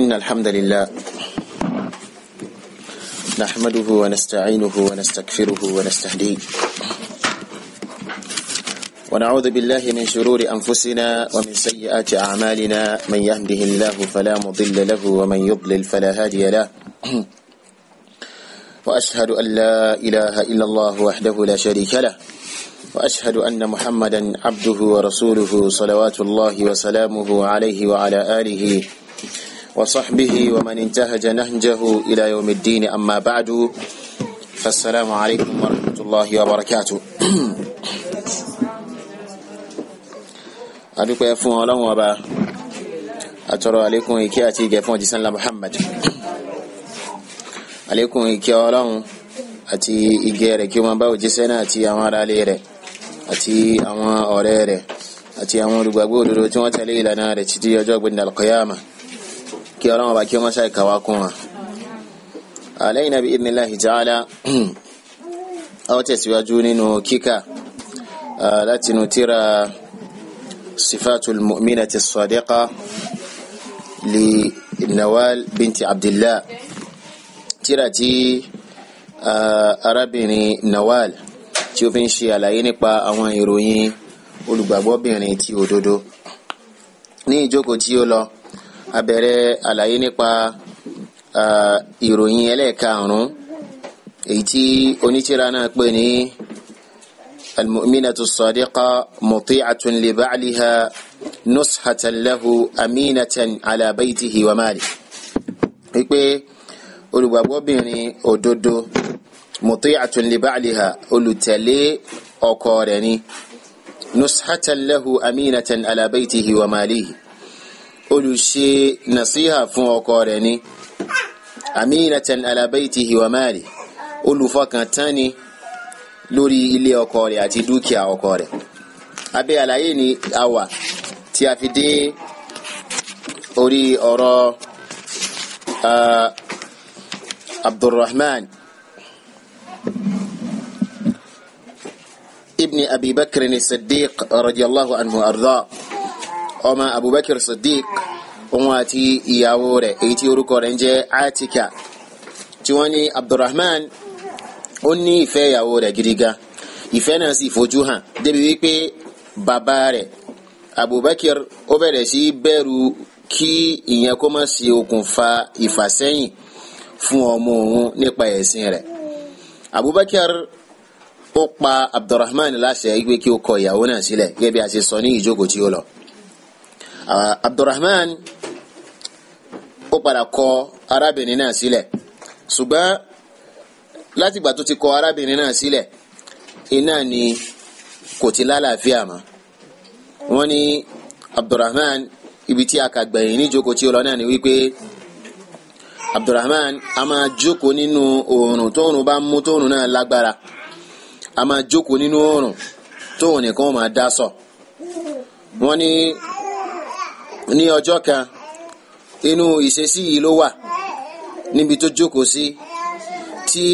إن الحمد لله نحمده ونستعينه ونستكفره ونستهديه ونعوذ بالله من شرور أنفسنا ومن سيئات أعمالنا من يهده الله فلا مضل له ومن يضلل فلا هادي له وأشهد أن لا إله إلا الله وحده لا شريك له وأشهد أن محمدا عبده ورسوله صلوات الله وسلامه عليه وعلى آله وصحبه ومن انتهج نهجه إلى يوم الدين أما بعد فالسلام عليكم ورحمة الله وبركاته adúpẹ́ fún ọlọ́run ọba àtọrọ àlékún ìkẹ́ àti ìgẹ̀ fún òjíṣẹ́ ńlá Muhammad àlékún ìkẹ́ ọlọ́run àti ìgẹ̀ rẹ̀ kí wọ́n bá òjíṣẹ́ náà àti àwọn aráalé rẹ̀ àti àwọn ọ̀rẹ́ rẹ̀ àti àwọn olùgbàgbọ́ òdodo tí wọ́n tẹ̀lé ìlànà rẹ̀ títí ọjọ́ gbẹ̀ndàlùkọ́yàmà kí ọlọ́run bá kí wọ́n ṣe kàwá kún wa. lẹ́yìn náà bí idhnillahi ta'ala a ó tẹ̀síwájú nínú kíkà láti nu tíra sifatul mu'minati sadiqa li nawal binti abdillah tíra tí arábìnrin nawal tí ó fi ń ṣe àlàyé nípa àwọn ìròyìn olùgbàgbọ́bìnrin ti òdodo ní ìjókòó tí ó lọ a bẹ̀rẹ̀ àlàyé nípa ìròyìn ẹlẹ́ẹ̀karùn-ún èyí tí onítìrà náà pè ní المؤمنة الصادقة مطيعة لبعلها نصحة له أمينة على بيته وماله wípé olùgbàgbọ́bìnrin òdodo muti'atun li ba'liha olùtẹ̀lé ọkọ rẹ̀ ni nushatan lahu aminatan ala baytihi olùṣe nàṣíhà fún ọkọ rẹ̀ ni aminatan ala baytihi wa mali olùfọkàntán ni lórí ilé ọkọ rẹ̀ àti dúkìá ọkọ rẹ̀ abẹ́ àlàyé ni a wà tí a fi dé orí ọ̀rọ̀ ah, abdulrahman ibn abi bakr as-siddiq anhu arda ọmọ abubakar siddiq òun àti ìyàwó rẹ̀ èyí tí orúkọ rẹ̀ ń jẹ́ atika tí wọ́n ní abdulrahman ó ní ìfẹ́ ìyàwó rẹ̀ gidi gan ìfẹ́ náà sì fojú hàn débi wípé bàbá rẹ̀ abubakar ó bẹ̀rẹ̀ sí bẹ̀rù kí ìyẹn kó má ṣe okùnfà ìfàsẹ́yìn fún ọmọ òun nípa ẹ̀sìn rẹ̀ abubakar ó pa abdulrahman láṣẹ wípé kí ó kọ ìyàwó náà sílẹ̀ gẹ́gẹ́ bí sọ ní ìjókòó tí ó lọ. Ah, Abdulrahman ó padà kọ arábìnrin náà sílẹ̀ ṣùgbọ́n látìgbà tó ti kọ arábìnrin náà sílẹ̀ iná ni kò ti lálàáfíà mọ́ wọ́n ní Abdulrahman ibi tí a kà gbẹ̀yìn níjókòó tí ó lọ náà ni wípé Abdulrahman a máa jókòó nínú oòrùn tóòrùn bá mú tóòrùn náà lágbára a máa jókòó nínú oòrùn tóòrùn nìkan ó máa dá sọ wọ́n ní ní ọjọ́ kan inú ìṣesí yìí ló wà níbi tó jókòó sí tí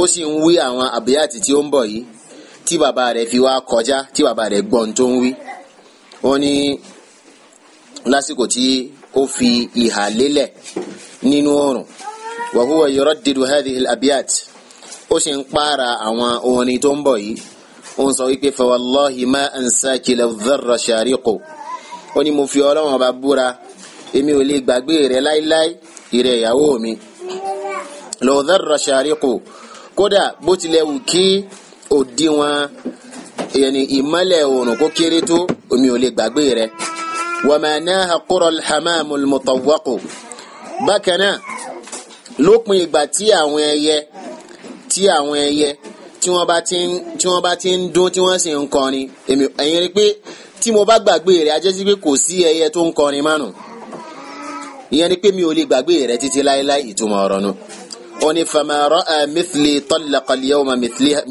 ó sì ń wí àwọn àbíyàtì tí ó ń bọ̀ yìí tí bàbá rẹ̀ fi wá kọjá tí bàbá rẹ̀ gbọ́n tó ń wí wọ́n ní lásìkò tí ó fi ìhà lélẹ̀ nínú oòrùn wa huwa yuraddidu hadhihi al ó sì ń pààrà àwọn orin tó ń bọ̀ yìí ó ń sọ wípé fa wallahi ma ansaki law dharra shariqo ó ní mo fi ọlọ́run ọba búra èmi ò lè gbàgbé rẹ láíláí ìrẹ ìyàwó mi lọ́dọ̀ rọ̀ṣàríkò kódà bó tilẹ̀ wù kí òdiwọ̀n yẹni ìmọ́lẹ̀ oòrùn kó kéré tó èmi ò lè gbàgbé rẹ wàmánà kúrò hamamu mutawakù bákan náà lópin ìgbà tí àwọn ẹyẹ tí àwọn ẹyẹ tí wọ́n bá ti ń dún tí wọ́n sì ń kọrin èmi ẹ̀yin rí pé tí mo bá gbàgbé rẹ̀ a jẹ́ sí pé kò sí ẹyẹ tó ń kọrin mánu ìyẹn ni pé mi ò lè gbàgbé rẹ̀ títí láéláé ìtumọ̀ ọ̀rọ̀ nu ó ní fama ra'a mithli talaqa al-yawma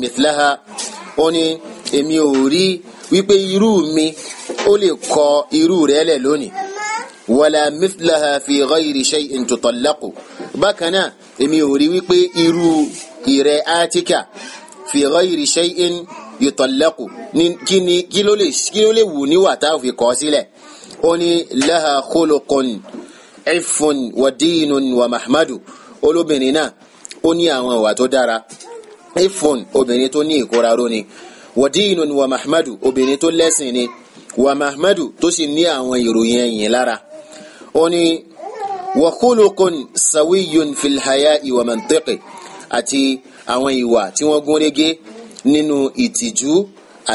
mithlaha ó ní èmi ò rí wípé irú mi ó lè kọ irú rẹ̀ lẹ̀ lónìí wala mithlaha fi ghayri shay'in tutallaqu bákan náà èmi ò rí wípé irú ìrẹ̀ átíkà fi ghayri shay'in tutallaqu yutallaqu ní kí ni kí ló lè kí ló lè wù níwà tá a fi kọ́ sílẹ̀ ó ní laha khuluqun ifun wa diinun wa mahmadu olóbìnrin náà ó ní àwọn ìwà tó dára ifun obìnrin tó ní ìkóra ró ni wa diinun wa obìnrin tó lẹ́sìn ni wa mahmadu tó sì ní àwọn ìròyìn ẹ̀yìn lára ó ní wa khuluqun sawiyun fil haya'i wa àti àwọn ìwà tí wọ́n gúnrégé nínú ìtìjú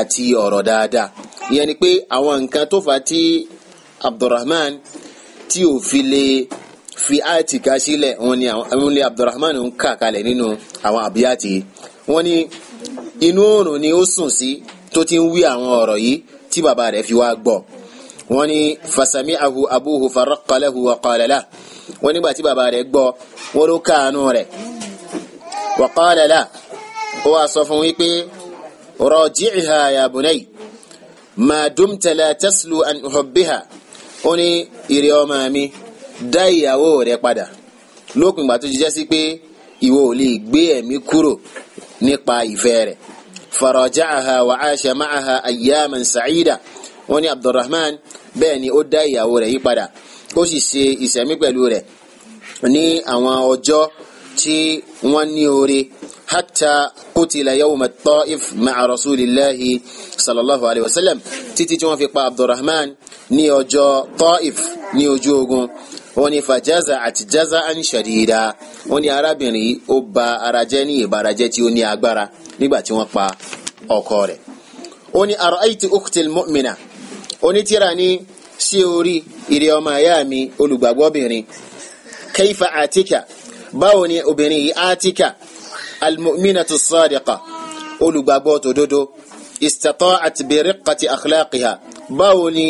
àti ọ̀rọ̀ dáadáa ìyẹn ni pé àwọn nǹkan tó fà tí Abdulrahman tí ò fi lè fi àtìká sílẹ̀ wọn ni àwọn ilé Abdulrahman ń kà kalẹ̀ nínú àwọn àbíyàtì wọn ni inú oòrùn ni ó sùn sí tó ti ń wí àwọn ọ̀rọ̀ yìí tí bàbá rẹ̀ fi wá gbọ́ wọn ni fasami ahu abuhu farakalahu wakalala wọn nígbà tí bàbá rẹ̀ gbọ́ wọn ló káàánú rẹ̀ wakalala ó wá sọ fún wípé rọ̀jìhà ya bunay ma dumta la taslu an uhubbiha ó ní ìrẹ́ ọmọ mi dá ìyàwó rẹ padà lópin ìgbà tó jíjẹ́ sí pé ìwọ ò lè gbé ẹ̀mí kúrò nípa ìfẹ́ rẹ̀ faraja'aha wa 'asha ma'aha ayyaman sa'ida wọ́n ní abdulrahman bẹ́ẹ̀ ni ó dá ìyàwó rẹ̀ yìí padà ó sì ṣe ìṣẹ̀mí pẹ̀lú rẹ̀ ní àwọn ọjọ́ tí wọ́n ní oore hatta qutila yawma Taif ma'a rasulillahi sallallahu alayhi wa sallam títí tí wọ́n fi pa abdulrahman ní ọjọ́ Taif ní ojú ogun wọ́n ní fajaza àti jaza an shadida wọ́n ní arábìnrin ó ba ara jẹ́ ní ìbarajẹ́ tí ó ní agbára nígbà tí wọ́n pa ọkọ rẹ̀ ó ní ara'ayti ukhtil mu'mina onítìrà ní sí orí ìrẹ ọmọ ìyá mi olùgbàgbọ́bìnrin kayfa àtìkà báwo ni obìnrin yìí àtìkà almu'minatu sadiqa olùgbàgbọ́ tòdodo istata'at bi riqqati akhlaqiha báwo ni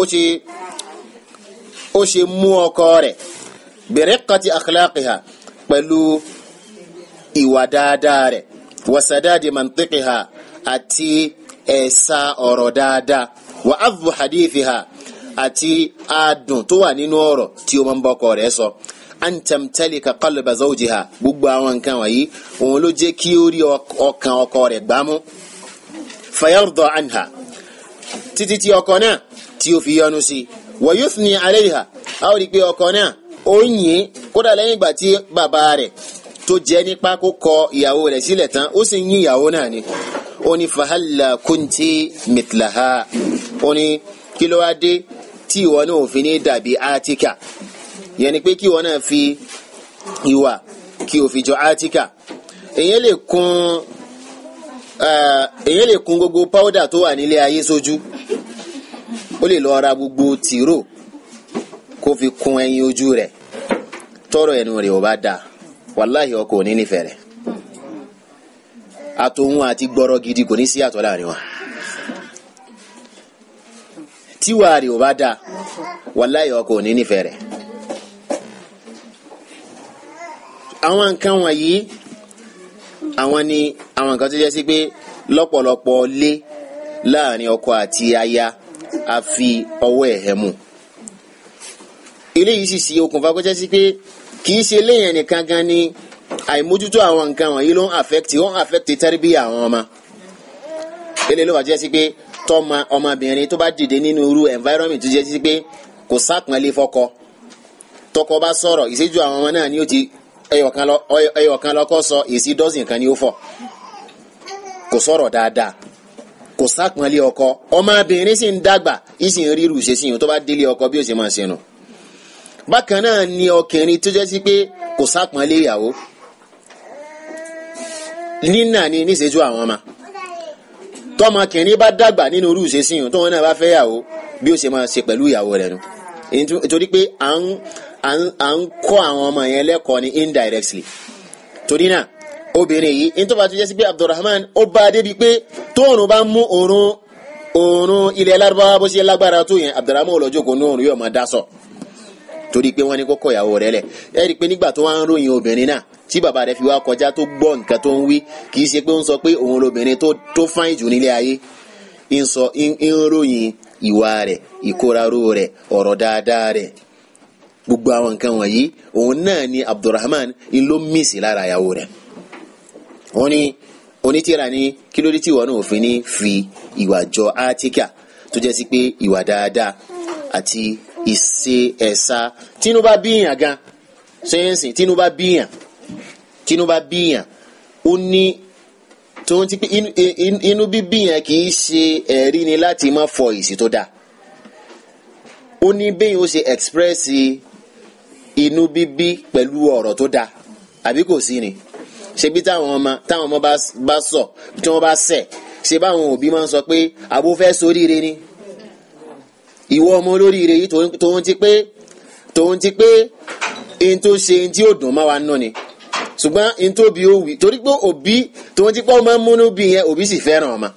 ó ṣe ó ṣe mú ọkọ rẹ̀ bi riqqati akhlaqiha pẹ̀lú ìwà dáadáa rẹ̀ wasadadi mantiqiha àti ẹ̀sà ọ̀rọ̀ dáadáa wa adhu hadithiha àti adùn tó wà nínú ọ̀rọ̀ tí ó máa ń bọ́kọ rẹ̀ sọ. So antamtalika qalba zawjiha gbogbo àwọn nǹkan wọ̀nyí òun ló jẹ́ kí ó rí ọkàn ọkọ rẹ̀ gbámú fayarda anha títí tí ọkọ náà tí ó fi yọ́nú sí wa yuthni alayha a ó rí pé ọkọ náà ó yìn kódà lẹ́yìn ìgbà tí bàbá rẹ̀ tó jẹ́ nípa kó kọ ìyàwó rẹ̀ sílẹ̀ tán ó sì ń ìyàwó náà ni ó ní fahalla kunti mitlaha ó ní kí ló wá dé tí ìwọ náà ò fi ní dàbí átíkà yẹn ni pé kí wọn náà fi ìwà kí o fi jọ átíkà èyàn lè kun gbogbo powder tó wà nílé ayé sójú ó lè lọ ra gbogbo tìró kó fi kun ẹyin ojú rẹ̀ tọrọ ẹnu rẹ̀ ò bá da wàláhì ọkọ ò ní nífẹ̀ẹ́ àtòhun àti gbọ́rọ̀ gidi kò ní sí àtọ láàrin wa tíwàá rẹ̀ ò bá da wàláhì ọkọ ò ní nífẹ̀ẹ́ àwọn nǹkan wọ̀nyí àwọn ni àwọn nǹkan tó jẹ́ sí pé lọ́pọ̀lọpọ̀ lé láàrin ọkọ àti aya a fi ọwọ́ ẹ̀hẹ́ mu eléyìí sì sí okùnfà kó jẹ́ sí pé kì í ṣe léèyàn nìkan gan ni àìmójútó àwọn nǹkan wọ̀nyí ló ń affect ó ń affect tẹ́rìbí àwọn ọmọ eléyìí ló wà jẹ́ sí pé tọ́mọ ọmọbìnrin tó bá dìde nínú irú environment tó jẹ́ sí pé kò sápọ̀nlé fọkọ tọkọ bá sọ̀rọ̀ ìṣẹ́jú àwọn ọmọ náà ni ó ti ẹyọ̀kan lọ́kọ́ sọ èsì dọ́sìn kan ni ó fọ̀ kò sọ̀rọ̀ dáadáa kò sápọnlé ọkọ ọmọbìnrin sì ń dàgbà ìsìn ríru ìṣesìn tó bá délé ọkọ bí ó ṣe máa ṣe nù bákan náà ni ọkùnrin tó jẹ́ sí pé kò sápọnlé ìyàwó nínà ni níṣẹ́jú àwọn ọmọ tọmọkùnrin bá dàgbà nínú irú ìṣesìn tóun náà bá fẹ́ yàwó bí ó ṣe máa ṣe pẹ̀lú ìyàwó rẹ̀ nù nítorí pé à ń à ń kọ́ àwọn ọmọ yẹn lẹ́kọ̀ọ́ ni indirectly torí náà obìnrin yìí nítorí àti jẹ́sí pé Abdulrahman ó bá a débi pé tóòrùn bá ń mú òórùn òórùn ilẹ̀ Lárúbáwá bó ṣe lágbára tó yẹn Abdulrahman ò lọ jókòó ní òórùn yóò máa dá sọ torí pé wọ́n ní kókó ìyàwó rẹ̀ lẹ̀ ẹ rí i pé nígbà tó wá ń ròyìn obìnrin náà tí bàbá rẹ̀ fi wá kọjá tó gbọ́ nǹkan tó ń wí kì í ṣe pé ó ń sọ pé òun lobìnrin tó tó fáìn jù nílé ayé ń sọ ń ròyìn ìwà rẹ̀ ìkóraró rẹ̀ ọ̀rọ̀ dáadáa rẹ̀ gbogbo àwọn nǹkan wọ̀nyí òun náà ni Abdulrahman ń ló mísì lára ìyàwó rẹ̀ wọ́n ní onítìrà ní kí ló dé tí ìwọ náà òfin ní fi ìwà jọ átíkà tó jẹ́ sí pé ìwà dáadáa àti ìṣe ẹ̀sà tínú bá bíyàn gan sẹ́yìnsìn tínú bá bíyàn tínú bá bíyàn ó ní tó ti pé inú bíbíyàn kì í ṣe ẹ̀rí ni láti má fọ ìsì tó dáa ó ní bẹ́yìn ó ṣe ẹ̀xpírẹ́sì inú bíbí pẹ̀lú ọ̀rọ̀ tó dáa àbí kò sí ni ṣebí táwọn ọmọ táwọn ọmọ bá sọ tí wọ́n bá ṣẹ̀ ṣe báwọn òbí máa ń sọ pé àbó fẹ́ ṣoríire ni ìwọ ọmọ olóríire yìí tòun ti pé tòun ti pé n tó ṣe n tí ò dùn má wa nù ni ṣùgbọ́n n tó bi ó wì torí pé òbí tòun ti pé ọmọ múnú bí yẹn òbí sì fẹ́ràn ọmọ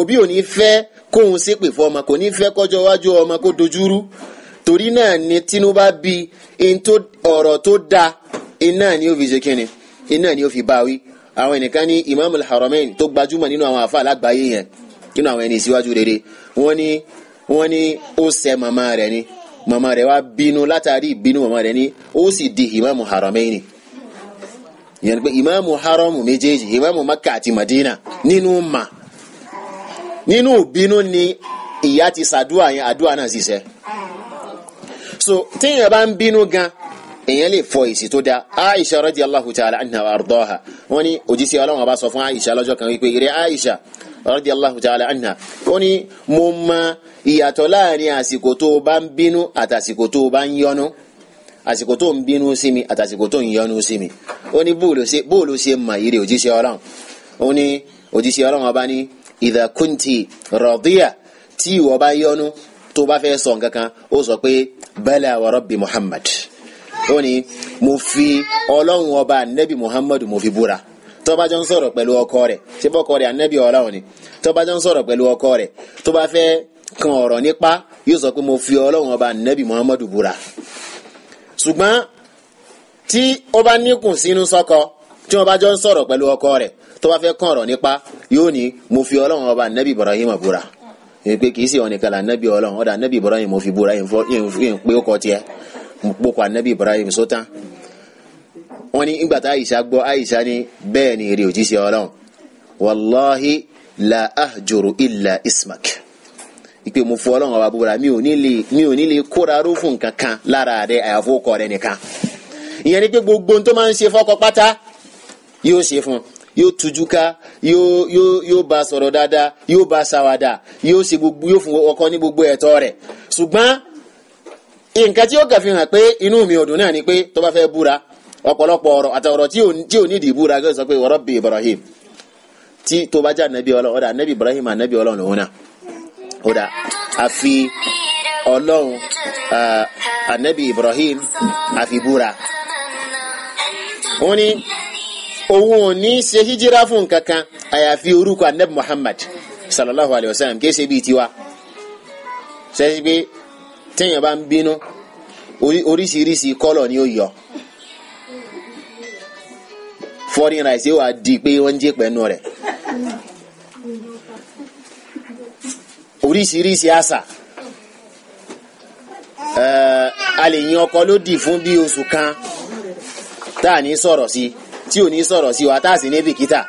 òbí ò ní fẹ́ kóun ṣépè fún ọmọ kò ní fẹ́ kọjọ́ iwájú ọmọ kó dojúrú torí náà ni tinubu bá bí ọ̀rọ̀ tó da iná ni ó fi ṣe kíni iná ni ó fi bá wí àwọn ẹnìkan ní imam al-haramain tó gbajúmọ̀ nínú àwọn àfa alágbàáyé yẹn nínú àwọn ẹni ìsíwájú rere wọ́n ní wọ́n ní ó ṣe màmá rẹ̀ ni màmá rẹ̀ wá bínú látàrí ìbínú màmá rẹ̀ ni ó sì di imam haramain yẹn pé imam haramu méjèèjì imam makka àti madina nínú mà nínú ìbínú ni ìyá ti ṣàdúrà yẹn àdúrà náà sì ṣe so téèyàn bá ń bínú gan èèyàn lè fọ èsì tó da aisha radiyallahu ta'ala anha wa ardọ́ha wọ́n ní òjíṣẹ́ ọlọ́run ọba sọ fún aisha lọ́jọ́ kan wípé ìrẹ́ aisha radiyallahu ta'ala anha ó ní mo mọ ìyàtọ̀ láàrin àsìkò tó o bá ń bínú àtàsìkò tó o bá ń yọnu àsìkò tó ń bínú sí mi àtàsìkò tó ń yọnu sí mi ó ní bóòlù ṣe mọ ìrẹ́ òjíṣẹ́ ọlọ́run ó ní òjíṣẹ́ ọlọ́run ọba ní idha kunti radiya tí ìwọ bá yọnu tó bá fẹ́ sọ nǹkan kan sọ pé bala wa rabbi muhammad ó ní mo fi ọlọ́run ọba anabi muhammad mo fi búra tó bá jọ ń sọ̀rọ̀ pẹ̀lú ọkọ rẹ̀ ṣé bọ́kọ rẹ̀ anabi ọlọ́run ni tó bá jọ ń sọ̀rọ̀ pẹ̀lú ọkọ rẹ̀ tó bá fẹ́ kan ọ̀rọ̀ nípa yóò sọ pé mo fi ọlọ́run ọba anabi muhammad búra ṣùgbọ́n tí ó bá níkùn sínú sọ́kọ tí wọ́n bá jọ ń sọ̀rọ̀ pẹ̀lú ọkọ rẹ̀ tó bá fẹ́ kan ọ̀rọ̀ nípa yóò ní mo fi ọlọ́run ọba anabi ibrahim búra pé kì í sì ọ̀nìkan là nẹ́bí ọlọ́run ọ̀dà nẹ́bí Ibrahim mo fi búra yìí ń pé ó kọ tiẹ̀ ń pokọ̀ nẹ́bí Ibrahim sótán. wọ́n ní ìgbà tá Àìṣà gbọ́ Àìṣà ní bẹ́ẹ̀ ni èrè òjíṣẹ́ ọlọ́run wàláhi la ahjuru illa ismak ìpè mo fọ ọlọ́run ọba búra mi ò ní lè kóra ró nǹkan kan lára rẹ àyàfó kọ rẹ nìkan ìyẹn ni pé gbogbo ohun tó máa ń ṣe fọkọ pátá yóò ṣe fún un yóò tujú ká yóò yóò yóò bá sọ̀rọ̀ dáadáa yóò bá ṣàwàdà yóò ṣe gbogbo yóò fún ọkọ ní gbogbo ẹ̀tọ́ rẹ̀ ṣùgbọ́n nǹkan tí ó kà fi hàn pé inú mi ọ̀dùn náà ni pé tó bá fẹ́ búra ọ̀pọ̀lọpọ̀ ọ̀rọ̀ àtọ̀rọ̀ tí ò nídìí búra gẹ́gẹ́ sọ pé wọ́rọ̀ bí Ibrahim tí tó bá jẹ́ ànábì ọlọ́run ọ̀dà ànábì Ibrahim ànábì ọlọ́run lòun náà ọ̀dà àfi ọlọ́run ànábì Ibrahim àfi búra. Owu ò ní ṣe hijira fún ayafi àyàfi orúkọ muhammad sallallahu alayhi wa sallam kése bíi tiwa sẹ́sí pé téèyàn bá ń orisi oríṣiríṣi kọ́lọ̀ ni ó yọ foreign rice yóò wá di pe wọ́n ń jẹ́ pẹ̀lú rẹ̀ oríṣiríṣi àṣà a lè yan ọkọ lódì fún kan taa ni ní si tí ò ní sọ̀rọ̀ sí wa tá a sì ní bìkítà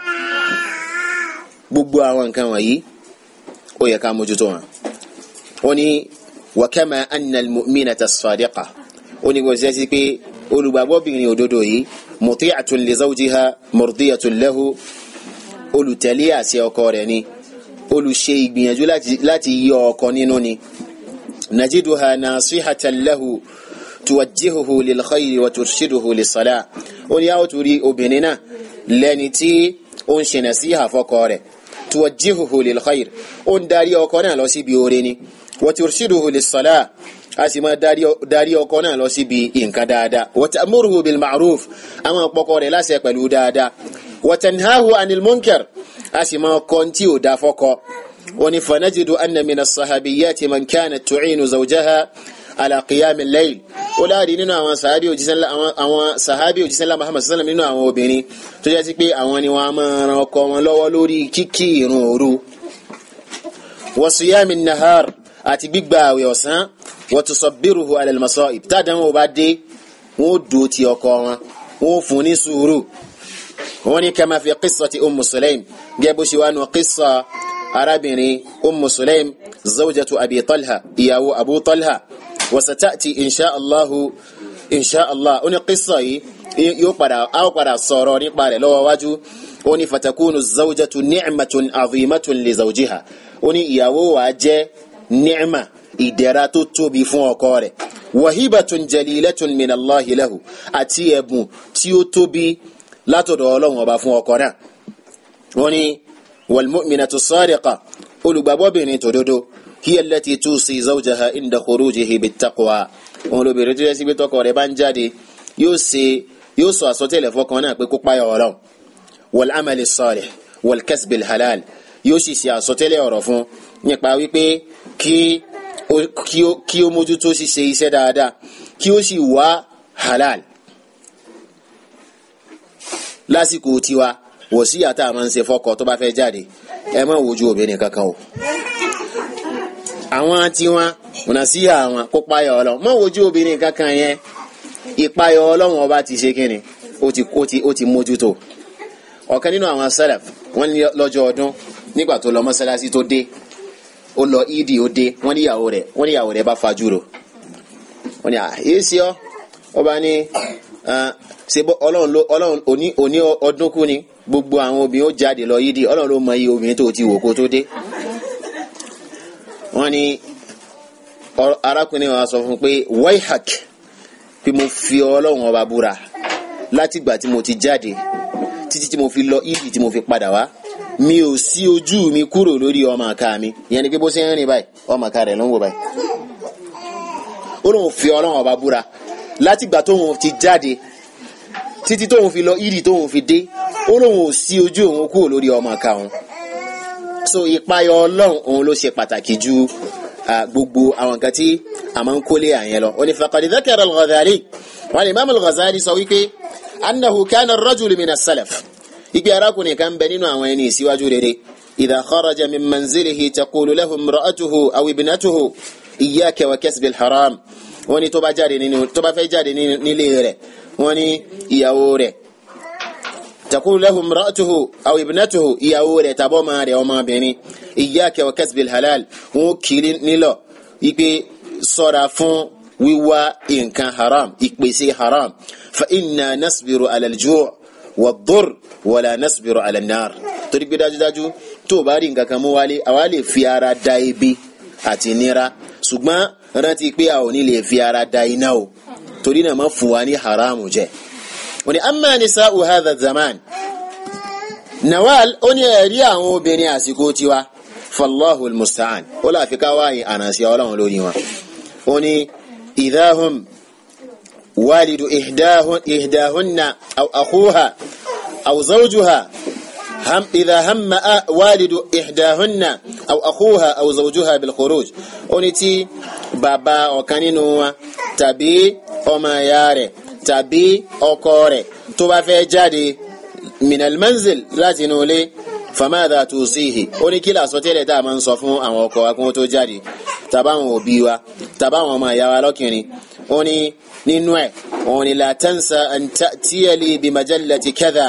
gbogbo àwọn nǹkan wọ̀nyí ó yẹ ká mójútó wọn. ó ní wàkẹ́mà annal mu'mina tasfadiqa ó ní gbọ́dọ̀ sí pé olùgbàgbọ́bìnrin òdodo yìí muti'atun li zawjiha murdiyatun lahu olùtẹ̀lé àṣẹ ọkọ rẹ̀ ni olùṣe ìgbìyànjú láti yọ ọkọ nínú ni najiduha nasihatan lahu tuwajjihuhu lil khayri wa turshiduhu lis salah ó ní àwọn torí obìnrin náà lẹ́ni tí ó ń ṣe nasiha fọ́kọ rẹ̀ tuwajjihuhu lil khayri ó ń darí ọkọ náà lọ síbi oore ni wa turshiduhu lis salah a sì máa darí ọkọ náà lọ síbi nǹkan dáadáa wa ta'muruhu bil àwọn ọ̀pọ̀kọ rẹ̀ láṣẹ pẹ̀lú dáadáa wa tanhahu anil munkar a sì máa kọ́ tí ò dáa fọ́kọ. ونفنجد أن من الصحابيات من كانت تعين زوجها ala qiyamil layl ó láàrin nínú àwọn sahabi òjísẹ́lá àwọn sahabi òjísẹ́lá muhammad sallam nínú àwọn obìnrin tó jẹ́ sí pé àwọn ni wọ́n á máa ran ọkọ wọn lọ́wọ́ lórí kíkí ìrun òru wa siyamin nahar àti gbígba àwẹ̀ ọ̀sán wa tusabbiruhu ala al-masa'ib tádàmú bá dé wọn ó dùn ti ọkọ wọn wọn ó fún ní sùúrù wọn ní kama fi qissati ummu sulaym gẹ́gẹ́ bó ṣe wà nù qissa arábìnrin ummu sulaym zawjatu abi talha ìyàwó abu talha وستأتي إن شاء الله إن شاء الله أني قصة يقرأ أو قرأ صورة يقرأ لو واجو أني فتكون الزوجة نعمة عظيمة لزوجها أني ياو واجه نعمة ìdẹ̀ra tó tóbi fún ọkọ rẹ̀ wahibatun jalilatun minallahi lahu àti ẹ̀bùn tí ó tóbi látọ̀dọ̀ ọlọ́run ọba fún ọkọ náà wọ́n ní walmu'minatu sadiqa olùgbàgbọ́bìnrin tòdodo هي التي توصي زوجها inda khurujihi bittaqwa òun lóbìnrin tó yẹ síbi tọkọ rẹ̀ bá ń jáde yóò ṣe yóò sọ àsọtẹ́lẹ̀ fọkàn náà pé kó páyà Ọlọ́run wal amali salih wal kasbil halal yóò sì ṣe àsọtẹ́lẹ̀ ọ̀rọ̀ fún nípa wípé kí kí ó mójútó ṣíṣe iṣẹ́ dáadáa kí ó sì wá halal lásìkò tiwa wòsíyà tá a ṣe fọkọ tó bá fẹ́ jáde ẹ má wojú obìnrin kankan o àwọn tiwọn ọ̀nà sí àwọn kó páyà ọlọ́run mọ́ wojú obìnrin kankan yẹn ìpáyà ọlọ́run ọba ti ṣe kíni ó ti ó ti ó ti mójútó ọ̀kan nínú àwọn sálàf wọ́n ní lọ́jọ́ ọdún nígbà tó lọ mọ́sálásí tó dé ó lọ ìdí ó dé wọ́n ní ìyàwó rẹ̀ wọ́n ní ìyàwó rẹ̀ bá fajúro wọ́n ní àyèsí ọ́ ọba ni ṣe bọ́ ọlọ́run ló ọlọ́run òní òní ọdún kú ni gbogbo àwọn obìnrin ó jáde lọ yídì ọlọ́run ló mọ iye obìnrin tó ti wò kó tó dé wọ́n ní arákùnrin wa sọ fún pé waihak pé mo fi ọlọ́run ọba búra látìgbà tí mo ti jáde títí tí mo fi lọ ìdí tí mo fi padà wá mi ò sí ojú mi kúrò lórí ọmọ àka mi ìyẹn ni pé bó ṣe ń rìn báyìí ọmọ àka rẹ̀ ló ń wò báyìí ó lóun fi ọlọ́run ọba búra látìgbà tóun ti jáde títí tóun fi lọ ìdí tóun fi dé ó lóun ò sí ojú òun kúrò lórí ọmọ àka òun so ìpayọ ọlọ́run òun ló ṣe pàtàkì ju gbogbo àwọn nǹkan tí a máa ń kólé àyẹn lọ ó ní faqad dhakara al-Ghazali wọn Imam al-Ghazali sọ wípé annahu kana ar-rajulu min as arákùnrin kan bẹ nínú àwọn ẹni ìsíwájú rere idha kharaja min manzilihi taqulu lahu imra'atuhu aw ibnatuhu iyyaka wa kasb haram wọ́n ní tó bá jáde jáde nílé rẹ̀ wọ́n ní ìyàwó rẹ̀ takulu lahum ra'atuhu aw ibnatuhu ìyàwó rẹ̀ tàbọ̀ máa rẹ̀ ọmọbìnrin iyyaka wa kasbil halal wọn kiri nílọ ipe ṣọ́ra fún wíwá nǹkan haram ìpèsè haram fa inna nasbiru alaljuu wàdúr wàlà nasbiru alanar torí pé dájúdájú tó o bá rí nǹkan kan mú wálé àwa lè fi ara da ibi àti nira ṣùgbọ́n rántí pé a ò ní lè fi ara da iná o torí náà má fún wa ní haramu jẹ wọ́n ní amma nisa'u hadha zaman nawal ó ní ẹ̀rí àwọn obìnrin àsìkò tiwa fallahu almusta'an ó láfi káwá yìí ànàsí ọlọ́run lórí wọn ó ní idahum walidu ihdahunna aw akhuha aw zawjuha هم إذا هم والد إحداهن أو أخوها أو زوجها بالخروج ó ní tí bàbá ọ̀kan nínú wọn tàbí ọmọ tàbí ọkọ rẹ̀ tó bá fẹ́ jáde minal manzil láti inú ilé famada tusihi ó ní kí làsọtẹ́lẹ̀ tá a máa ń sọ fún àwọn ọkọ wa kí wọ́n tó jáde tàbáwọn òbí wa tàbáwọn ọmọ ìyá wa lọ́kùnrin ó ní nínú ẹ̀ òun ni la tansa an ta'tiyali bi majallati kadha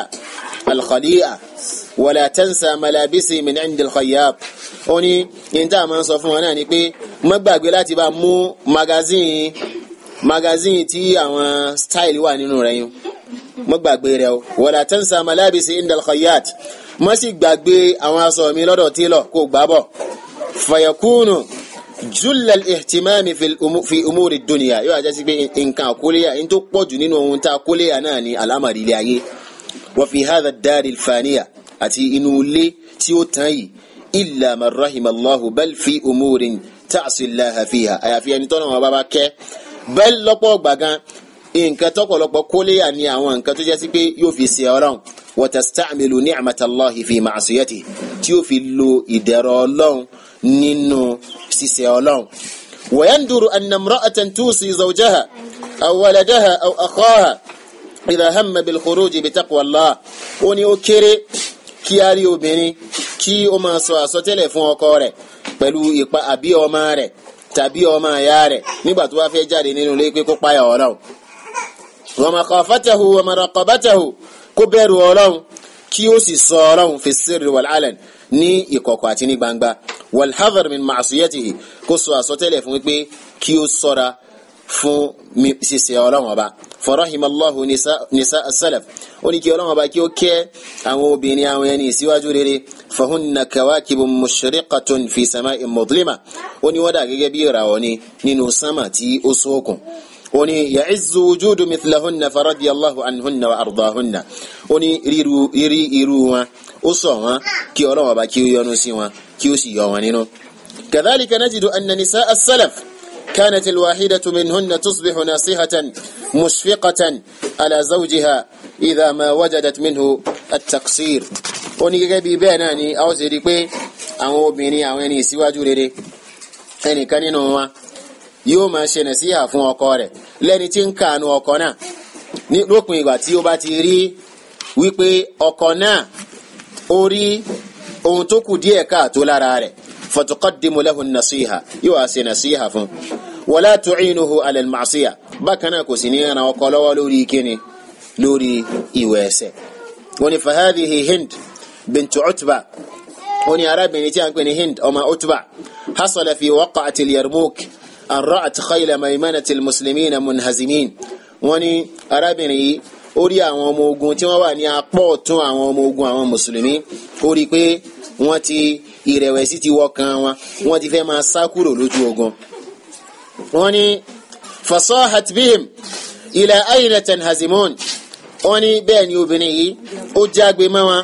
malabisi min indi ó ní ní tá a máa ń sọ fún wọn náà ni pé má gbàgbé láti bá mú magazine magazine tí àwọn style wà nínú rẹ̀ yín mo gbàgbé rẹ̀ o wala tansa malabisi indal khayyat mo sì gbàgbé àwọn aṣọ mi lọ́dọ̀ télọ̀ kó gbà bọ̀ fayakunu julal ihtimami fi umuri dunya yóò àjẹsí pé nǹkan àkóléyà n tó pọ̀jù nínú ohun tá a kóléyà náà ní alámàrí ilé ayé wa fi hadha ad-dari al-faniya àti inú ilé tí ó tán yìí illa man rahimallahu fi umurin ta'sillaha fiha àyàfi ẹni tọ́nà wọn bá bá kẹ́ bẹ́ẹ̀ lọ́pọ̀ gbàgán nǹkan tọ́pọ̀lọpọ̀ kólé ni àwọn nǹkan tó jẹ́ sí pé yóò fi ṣe ọlọ́run wa tasta'milu ni'matallahi fi ma'siyatihi tí yóò fi lo ìdẹ̀rọ̀ ọlọ́run nínú ṣiṣẹ́ ọlọ́run. wa yanduru anna imra'atan tusi zawjaha aw waladaha aw akhaha idha hamma ó ní ó kéré kí a rí obìnrin kí ó máa sọ àsọtẹ́lẹ̀ fún ọkọ rẹ̀ pẹ̀lú ìpa àbí ọmọ rẹ̀ tàbí ọmọ àyà rẹ̀ nígbà tó bá fẹ́ jáde nínú ilé pé kó páyà ọlọ́run wa makhafatahu wa maraqabatahu kó bẹ̀rù ọlọ́run kí ó sì sọ ọlọ́run fi sirri wal alan ní ìkọ̀kọ̀ àti ní gbangba wal hadhar min ma'siyatihi kó sọ àsọtẹ́lẹ̀ fún wípé kí ó ṣọ́ra fún ṣíṣe ọlọ́run ọba farahimallahu nisa asalaf ó ní kí ọlọ́run ọba kí ó kẹ́ àwọn obìnrin àwọn ẹni ìsíwájú rere fahunna kawakibun mushriqatun fi sama'in mudlima ó ní wọ́n dà gẹ́gẹ́ bí ìràwọ̀ ni nínú sámà tí ó ṣókùn oni yacizu wujudu mithlahunna faradi allahu anhunna wa ardahunna oni riru iri irú wọn ó ṣọ̀ wọ́n kí Ọlọ́run Ọba kí ó yọ́nú sí wọn kí ó sì yọ wọn nínú. kadhalika najidu anna nisa as كانت الواحدة منهن تصبح ناصحة مشفقة على زوجها إذا ما وجدت منه التقصير ó ní gẹ́gẹ́ bíi náà ni a ṣe rí i pé àwọn obìnrin àwọn ẹni ìsíwájú rere ẹnìkan nínú wọn yóò máa ṣe nàṣíhà fún ọkọ rẹ̀ lẹ́ni tí ń kàánú ọkọ náà lópin ìgbà tí ó bá ti rí wípé ọkọ náà ó rí ohun tó kù díẹ̀ káàtó lára rẹ̀ fatuqaddimu lahu nasiha yóò wá ṣe nasiha fún wala tu'inuhu ala al-ma'siya bákan náà kò sì ní ẹran ọkọ lọ́wọ́ lórí kíni lórí ìwẹ̀ ẹ̀ṣẹ̀ wọ́n ní fahadihi hind bintu utba wọ́n ní arábìnrin tí a ń pè ní hind ọmọ utba hasala fi waqa'ati al-yarmouk arra'at khayla maymanati al-muslimina munhazimin wọ́n ní arábìnrin yìí ó rí àwọn ọmọ ogun tí wọ́n wà ní apọ̀ ọ̀tún àwọn ọmọ ogun àwọn mùsùlùmí ó rí pé wọ́n ti ìrẹ̀wẹ̀sì ti wọ kan wọn wọ́n ti fẹ́ máa sá kúrò lójú ogun. wọ́n ní fasahat bihim ila ayna tanhazimun wọ́n ní bẹ́ẹ̀ ni obìnrin yìí ó jágbe mọ́ wọn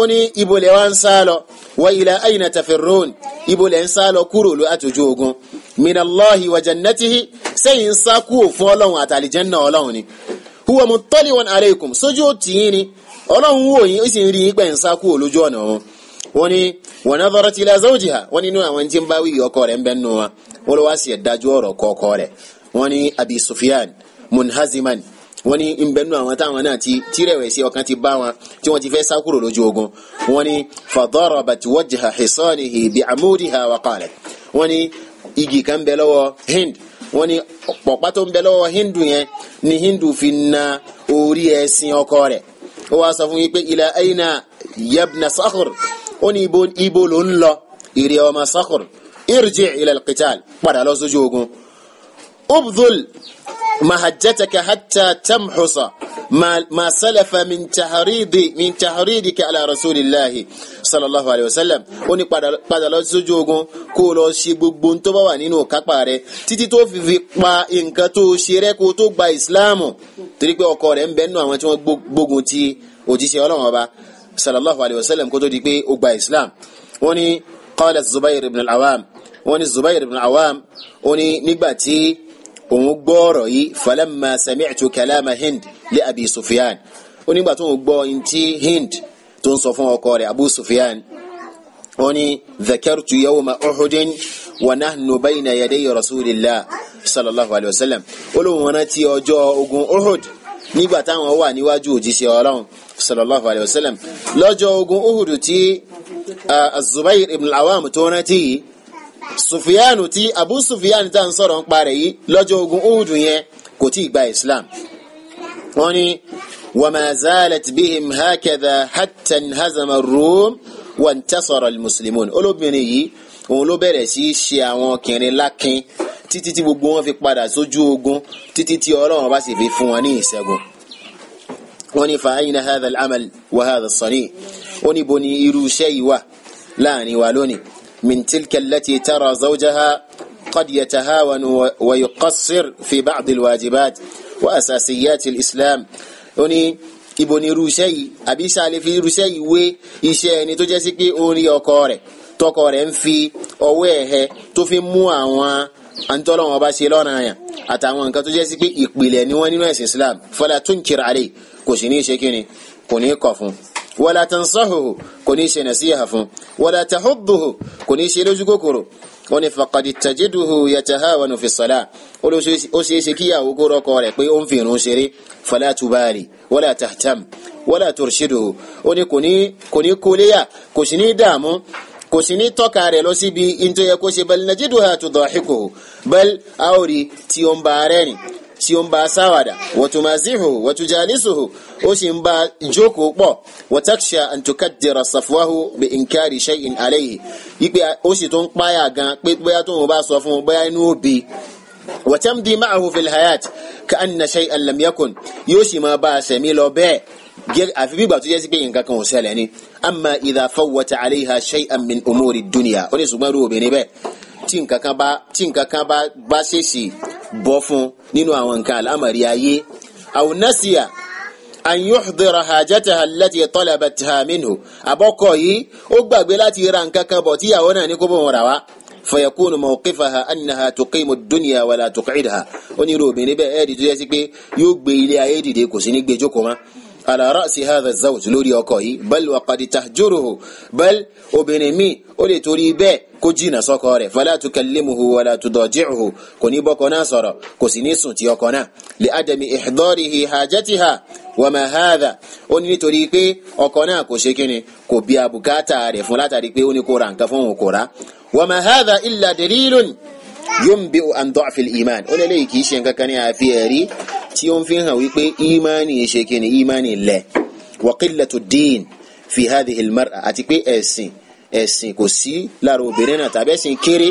ó ní ibolẹ̀ wa ń sá lọ wa ila ayna tafirun ibolẹ̀ ń sá lọ kúrò látòjú ogun minallahi wa jannatihi ń sá kúrò fún ọlọ́run àtàlìjẹ́nà ọlọ́run ni huwa muttaliwan alaykum sójú ó tì í ni ọlọ́run wò yín ó sì ń rí yín pẹ̀ ń sá kúrò lójú ọ̀nà ọ̀hún wọ́n ní wọ́n náà fọ́rọ́ ti la zawjiha wọ́n nínú àwọn tí ń bá wí ọkọ rẹ̀ ń bẹ́ nù wọn wọ́n lọ́ wá sí ẹ̀dájú ọ̀rọ̀ kọ́kọ́ rẹ̀ wọ́n ní abi Sufyan munhaziman wọ́n ní ń bẹ́ nù àwọn táwọn náà ti tírẹ̀wẹ̀sì ọkàn ti bá wọn tí wọ́n ti fẹ́ sá kúrò lójú ogun wọ́n ní fadarabat wajha hisanihi bi amudiha wa qalat wọ́n ní igi kan bẹ lọ́wọ́ Hind wọ́n ní pọ̀pá tó ń bẹ lọ́wọ́ hindu yẹn ni hindu fi na orí ẹṣin ọkọ rẹ̀ ó wàá sọ fún yín pé ila aina yabna sakhur ó ní ibo ibo ló ń lọ ìrì ọmọ Sakhr irji ila al-qital padà lọ sójú ogun ubdul mahajjataka hatta tamhusa ma salafa min tahridi min tahridika ala rasulillahi sallallahu alayhi wa sallam ó ní padà lọ sójú ogun kó lọ ṣe gbogbo tó bá wà nínú kápá rẹ̀ títí tó fi fi pa nǹkan tó ṣe rẹ́ kó tó gba ìsìláàmù torí pé ọkọ rẹ̀ ń bẹ nínú àwọn tí wọ́n gbógun ti òjíṣẹ́ Ọlọ́run ọba sallallahu alayhi wa sallam kó tó di pé ó gba islam wọ́n ní qala zubair ibn al-awam wọ́n ní zubair ibn al-awam ó ní nígbà tí òun gbọ́ ọ̀rọ̀ yìí falamma sami'tu kalama hind li abi sufyan ó nígbà tó ń gbọ́ ntí hind tó ń sọ fún ọkọ rẹ̀ abu sufyan ó ní dhakartu yawma uhudin wa nahnu bayna yaday rasulillah sallallahu alayhi wa sallam ó lóun ọjọ́ ogun uhud nígbà táwọn wà níwájú òjíṣẹ́ ọlọ́run sallallahu alayhi wa sallam lọ́jọ́ ogun uhudu tí azubair ibn al-awam tó rántí yìí sufiyanu tí abu sufiyanu tá à ń sọ̀rọ̀ ń parẹ̀ yìí lọ́jọ́ ogun uhudu yẹn kò tí ì gba islam wọ́n ní wàmà zalet bihim hakadha hatta hazama rum wa ntasara al-muslimun olóbìnrin yìí òun ló bẹ̀rẹ̀ sí í ṣe àwọn ọkùnrin lákin títí tí gbogbo wọn fi padà sójú ogun títí tí ọlọ́run bá sì fi fún wọn ní ìṣẹ́gun wọ́n ní fa ayna hadha al-amal wa hadha as-sani ó ní bo ni irú iṣẹ́ yìí wà láàrin wa lónìí min tilka allati tara zawjaha qad yatahawanu wa yuqassir fi ba'd al-wajibat wa asasiyat al-islam ó ní ibo ni irú iṣẹ́ yìí àbí sàlẹ̀ fi irú iṣẹ́ yìí wé iṣẹ́ ẹni tó jẹ́ sí pé ó ní ọkọ rẹ̀ tọkọ rẹ̀ ń fi ọwọ́ fi mú àwọn àǹtọ́lọ́wọ́n ọba ṣe lọ́nà àyàn àtàwọn nǹkan tó jẹ́ sí pé ìpìlẹ̀ ni wọ́n nínú ẹ̀sìn Islam fala tunkir alayhi kò sì ní í ṣe kíni kò ní í kọ̀ fún wala tansahuhu kò ní í ṣe nasiha fún wala tahudduhu kò ní í ṣe lójú kòkòrò wọ́n ní faqadi tajiduhu yatahawanu fi salah ó ṣe é ṣe kíyàwó kó rọ́kọ rẹ̀ pé ó ń fi irun ṣeré fala tubali wala tahtam wala turshiduhu ó ní kò ní kóléyà kò sì ní dààmú kò sì ní tọ́ka rẹ̀ lọ síbi ìtòyẹ kó ṣe bal najiduha tudahiku bal tí ó ń bá sáwàdà wàtúmàzíhù wàtújàlísùhù ó sì ń bá jókòó pọ̀ wàtàkṣà àtúkàdìrà sàfúwáhù bí nkárì ṣẹ́yìn àlẹ́yìí wípé ó sì tún páyà gan pé bóyá tóun bá sọ fún un bóyá inú òbí wàtẹ́mdì máa hù fìlhayat ká ànà ṣẹ́yìn àlàmíyàkùn yóò sì máa bá a sẹ̀mí lọ bẹ́ẹ̀ àfi bí ìgbà tó sí pé nǹkan kan ò ṣẹlẹ̀ ni amma idha fawwata alayha shay'an min umuri dunya ó ní ṣùgbọ́n irú obìnrin bẹ́ẹ̀ tí nǹkan kan bá ṣèṣì bọ́ fún nínú àwọn nǹkan àlámọ̀rí ayé aw nasiya an yuhdira hajataha allati talabatha minhu àbọ́kọ yìí ó gbàgbé láti ra nǹkan kan bọ̀ tíyàwó náà ní kó bóun rà wá fayakunu mawqifaha annaha tuqimu dunya wala tuqidha onírúurú obìnrin bẹ́ẹ̀ ẹ̀ẹ́dì tó yẹ sí pé yóò gbé ilé ayé dìde kò sí ní gbé jókòó mọ́ ala ra'si hadha zawj lórí ọkọ yìí bal wa qad tahjuruhu bal obìnrin míì ó lè torí bẹ́ẹ̀ kó jìnnà sọ́kọ rẹ̀ fala tukallimuhu wala tudaji'uhu kò ní bọ́kọ náà sọ̀rọ̀ kò sì ní sùn ti ọkọ náà li adami ihdarihi hajatiha wa ma hadha ó ní nítorí pé ọkọ náà kò ṣe kíni kò bí abùkátà rẹ̀ fún látàrí pé ó ní kó ra nǹkan fún òun kò rà wa ma hadha illa dalilun yunbi'u an da'fil iman ó lélẹ́yìí kì í ṣe nǹkan kan ní àfi ẹ̀rí tí ó ń fi hàn wípé ìmánì ṣe kí ni ìmánì lẹ̀ wa qillatu din fi hadhihi al-mar'a àti pé ẹ̀sìn ẹ̀sìn kò sí lára obìnrin náà tàbí ẹ̀sìn kéré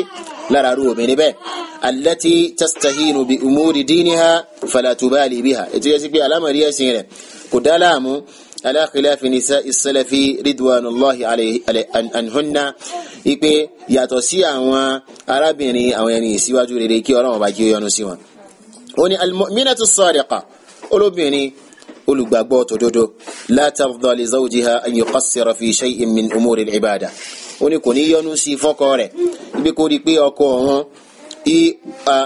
lára arú obìnrin bẹ́ẹ̀ tastahinu bi umuri diniha fala tubali biha ètò yẹ sí pé alámọ̀rí ẹ̀sìn rẹ̀ kò ala khilafi nisa'i salafi ridwanullahi anhunna ipe yàtọ̀ sí àwọn arábìnrin àwọn ẹni ìsíwájú rere kí ọlọ́run bá kí ó yọ́nú sí wọn. ó ní almu'minatu sadiqa olóbìnrin olùgbàgbọ́ tòdodo la tarda li zawjiha an yuqassira fi shay'in min umuri al-ibada ó ní kò ní yọ́nú sí fọ́kọ rẹ̀ ibi kò rí pé ọkọ ọ̀hún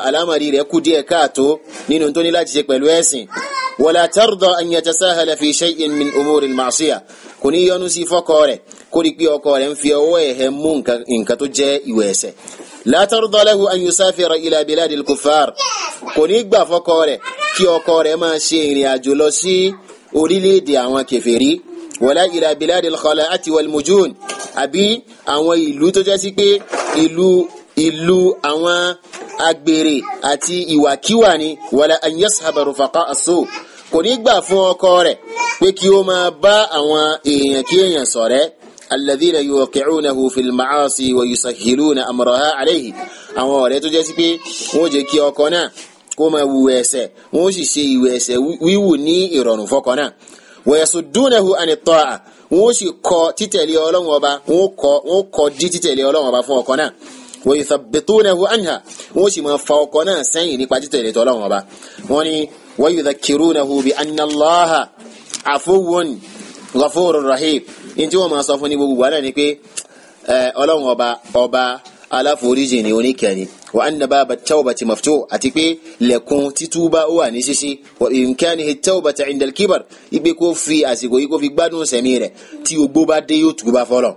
alámàrí rẹ̀ kú díẹ̀ káàtó nínú tó ní láti ṣe pẹ̀lú ẹ̀sìn wala tarda an yatasahala fi shay'in min umuri al-ma'siyah kò ní yọnu sí fọ́kọ rẹ̀ kó rí pé ọkọ rẹ̀ ń fi ọwọ́ ẹ̀hẹ́ mú nǹkan tó jẹ́ ìwẹ̀ ẹ̀ṣẹ̀ la tarda lahu an yusafira ila biladil kuffar kò ní gbà fọ́kọ rẹ̀ kí ọkọ rẹ̀ máa ṣe ìrìn àjò lọ sí orílẹ̀ àwọn kèfèrí wala ila biladil khala'ati wal mujun àbí àwọn ìlú tó jẹ́ sí pé ìlú ìlú àwọn agbèrè àti ìwàkíwà ni wàlà an yashaba rufaqa aso kò ní gbà fún ọkọ rẹ̀ pé kí ó máa bá àwọn èèyàn kí èèyàn ṣọ̀rẹ́ alladhina yuqi'unahu fil ma'asi wa yusahhiluna amraha alayhi àwọn ọ̀rẹ́ tó jẹ́ sí pé wọ́n jẹ́ kí ọkọ náà kó máa wu ẹ̀ṣẹ̀ wọ́n sì ṣe ìwẹ̀ ẹ̀ṣẹ̀ wíwù ní ìrọ̀rùn fọ́kọ náà wa yasuddunahu ani ta'a wọ́n sì kọ̀ títẹ̀lé Ọlọ́run ọba wọ́n kọ̀ dí títẹ̀lé Ọlọ́run ọba fún ọkọ náà wọ́n yìí thabitunahu anha wọ́n sì máa fa ọkọ náà sẹ́yìn nípa títẹ̀lé tọ́lọ́wọ́n ọba wọ́n ní wọ́n yudhakirunahu bi anna Allaha afuwun ghafurur rahim ní tí wọ́n máa sọ fún ní gbogbo wàhálà ni pé ọlọ́wọ́n ọba ọba aláforíjì ni oníkẹ́ni wa anna baba tawbati maftuh àti pé lẹ́kùn títúbà ó wà ní ṣíṣí wa imkanihi tawbati indal kibar ìgbé kó fi àsìkò yìí kó fi gbádùn sẹ̀mí rẹ̀ tí ogbó bá dé yóò tùbà fọlọ́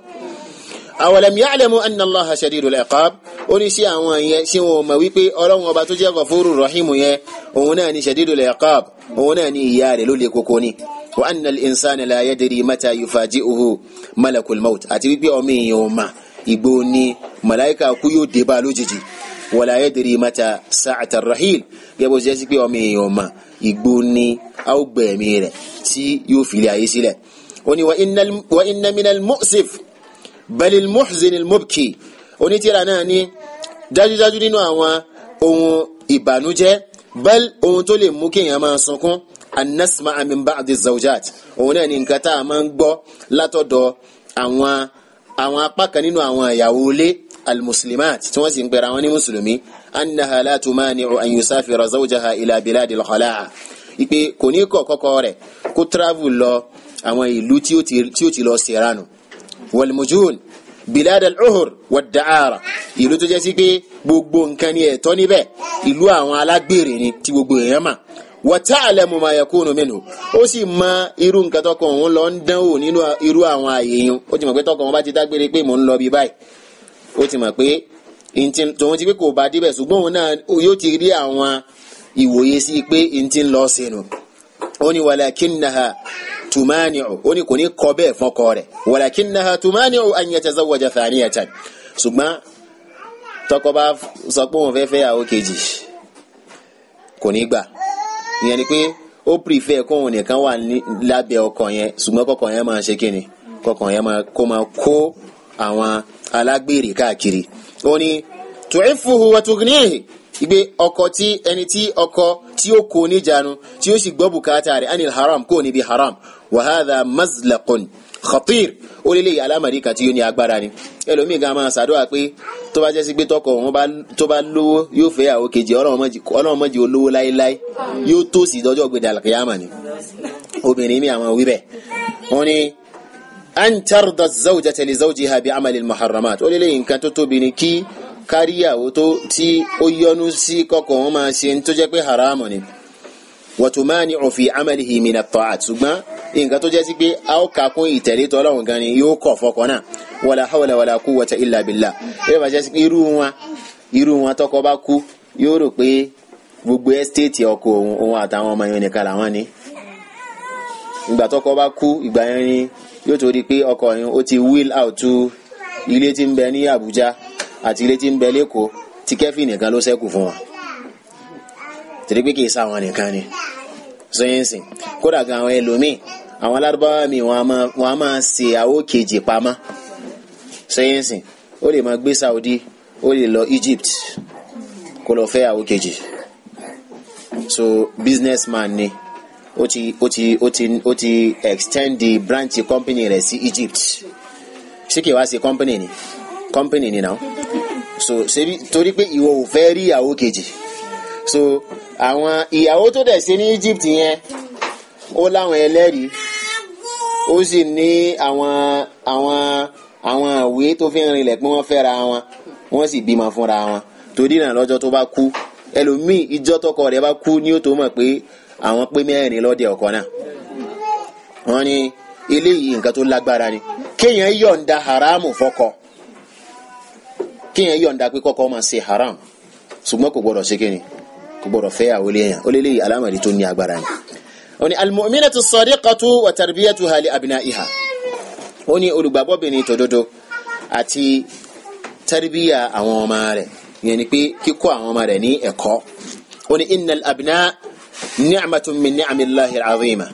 awalam ya'lamu anna allaha shadidul iqab ó ní sí àwọn yẹn sí wọn mọ̀ wípé ọlọ́run ọba tó jẹ́ gọ̀fúrú rahimu yẹn òun náà ni shadidul iqab òun náà ni ìyà rẹ̀ ló lè koko ni wa anna al-insana la yadri mata yufaji'uhu malakul maut àti wípé ọmọ èèyàn ò mà ìgbó ni màláìka kú yóò dé bá lójijì wala yadri mata sa'ata rahil gẹ́gẹ́ bó ṣe sí pé ọmọ èèyàn ò mà ìgbó ni a ó gbẹ̀mí rẹ̀ tí yóò fi ilé ayé sílẹ̀ ó ní balil muhzin mubki onítìrà náà ní dájúdájú nínú àwọn ohun ìbànújẹ́ bal ohun tó lè mú kéèyàn máa sunkún anasma min ba'di zawjat òun náà ní nǹkan tá a máa ń gbọ́ látọ̀dọ̀ àwọn àwọn apá kan nínú àwọn ìyàwó ilé almuslimat tí wọ́n sì ń pera wọn ní mùsùlùmí annaha la tumani'u an yusafira zawjaha ila biladil khala'a ìpè kò ní kọ̀ kọ́kọ́ rẹ̀ kó travel lọ àwọn ìlú tí ó ti lọ ṣèrànù wàlmùjún biladal uhur wàdàára ìlú tó jẹ́ sí pé gbogbo nǹkan ni ẹ̀tọ́ níbẹ̀ ìlú àwọn alágbèrè ni tí gbogbo èèyàn mà wàtá àlẹmú ma yakunu minhu ó sì mọ irú nǹkan tọkọ òun lọ ń dánwò nínú irú àwọn àyè yẹn ó ti mọ̀ pé tọkọ òun bá ti dágbére pé mò ń lọ bí báyìí ó ti mọ̀ pé tòun ti pé kò bá débẹ̀ ṣùgbọ́n òun náà yóò ti rí àwọn ìwòye sí pé n ń lọ sínú ó ní wàlá kí n nàá tumani'u ó ní kò ní kọ bẹ́ẹ̀ fọ́kọ rẹ̀ walakinnaha tumani'u an yatazawwaja thaniyatan ṣùgbọ́n tọkọ bá sọ pé òun fẹ́ fẹ́ yàwó kejì kò ní gbà ìyẹn ni pé ó pìrìfẹ́ kóun nìkan wà lábẹ́ ọkọ yẹn ṣùgbọ́n kọkọ yẹn máa ṣe kíni kọkọ yẹn máa kó máa kó àwọn alágbèrè káàkiri ó ní tu'ifuhu wa tughnihi ìgbé ọkọ tí ẹni tí ọkọ tí ó kó níjànú tí ó sì gbọ́ bùkátà rẹ̀ anil haram kó níbi haram wàhádà mazlaqun khatir ó lé léyìí alámàrí kan tí yóò ní agbára ni ẹlòmíì gan máa ṣàdúrà pé tó bá jẹ́ sí pé tọkọ òun tó bá lówó yóò fẹ́ àwọn kejì ọlọ́run mọ́jì olówó láéláé yóò tó sì dọ́jọ́ gbé dàlàkìyàmà ni obìnrin mi àwọn wíbẹ̀ wọn ni antarda zawjata li zawjiha bi amali muharramat ó lé léyìí nǹkan tó tóbi ni kí káríyàwó tó tí ó yọnu sí kọkọ òun máa ṣe tó jẹ́ pé haramu ni wàtúmáàni òfin amalihi mina ta'at ṣùgbọ́n nǹkan tó jẹ́ sí pé a ó kà kún ìtẹ̀lé tọ́lọ́run gan ni yóò kọ̀ fọkàn náà wala hawla wala quwwata illa billah yóò bá jẹ́ sí pé irú wọn irú wọn tọkọ bá kú yóò rò pé gbogbo ẹ́stéètì ọkọ òun òun àtàwọn ọmọ yẹn nìkan làwọn ni ìgbà tọkọ bá kú ìgbà yẹn ni yóò torí pé ọkọ yẹn ó ti wheel out ilé tí ń bẹ ní Àbújá àti ilé tí ń bẹ lẹ́kọ̀ọ́ tí kẹ́fì nìkan ló ṣẹ́kù fún wa torí pé kì í sáwọn nìkan ni sọyẹ́nsì kódà gan àwọn ẹlòmíì àwọn alárúbáwá mi wọ́n a máa ṣe àwo kejì pamọ́ sẹ́yìnsìn ó lè máa gbé Saudi ó lè lọ Egypt kó lọ fẹ́ àwo kejì so businessman ni ó ti ó ti ó ti ó ti extend the branch company rẹ̀ sí Egypt ṣé kì í wá ṣe company ni company ni náà so sebi torí pé ìwọ ò fẹ́ rí ìyàwó kejì so àwọn ìyàwó tó dẹ̀ ṣe ní Egypt yẹn ó láwọn ẹlẹ́rìí ó sì ní àwọn àwọn àwọn ìwé tó fi ń rinlẹ̀ pé wọ́n fẹ́ra wọn wọ́n sì bímọ fúnra wọn torí náà lọ́jọ́ tó bá kú ẹlòmíì ìjọ tọkọ rẹ̀ bá kú ni ó tó mọ̀ pé àwọn pé mẹ́rin lọ́dẹ ọkọ náà wọ́n ní eléyìí nǹkan tó lágbára ni kéèyàn yọ̀ǹda haramu fọkọ kéèyàn yọ̀ǹda pé kọ́kọ́ máa ṣe haram ṣùgbọ́n kò gbọ́dọ̀ ṣe kéèyàn kò gbọ́dọ̀ fẹ́ àwọn eléyàn ó léyìí alámọ̀dé tó ní agbára ni òní almu'minatu sadiqatu wa tarbiyatuha li abna'iha ó ní olùgbàgbọ́bìnrin tòdodo àti tarbiya àwọn ọmọ rẹ̀ yẹn ni pé kíkọ́ àwọn ọmọ rẹ̀ ní ẹ̀kọ́ ó ní innal abna ni'matun min ni'amillahi al'azima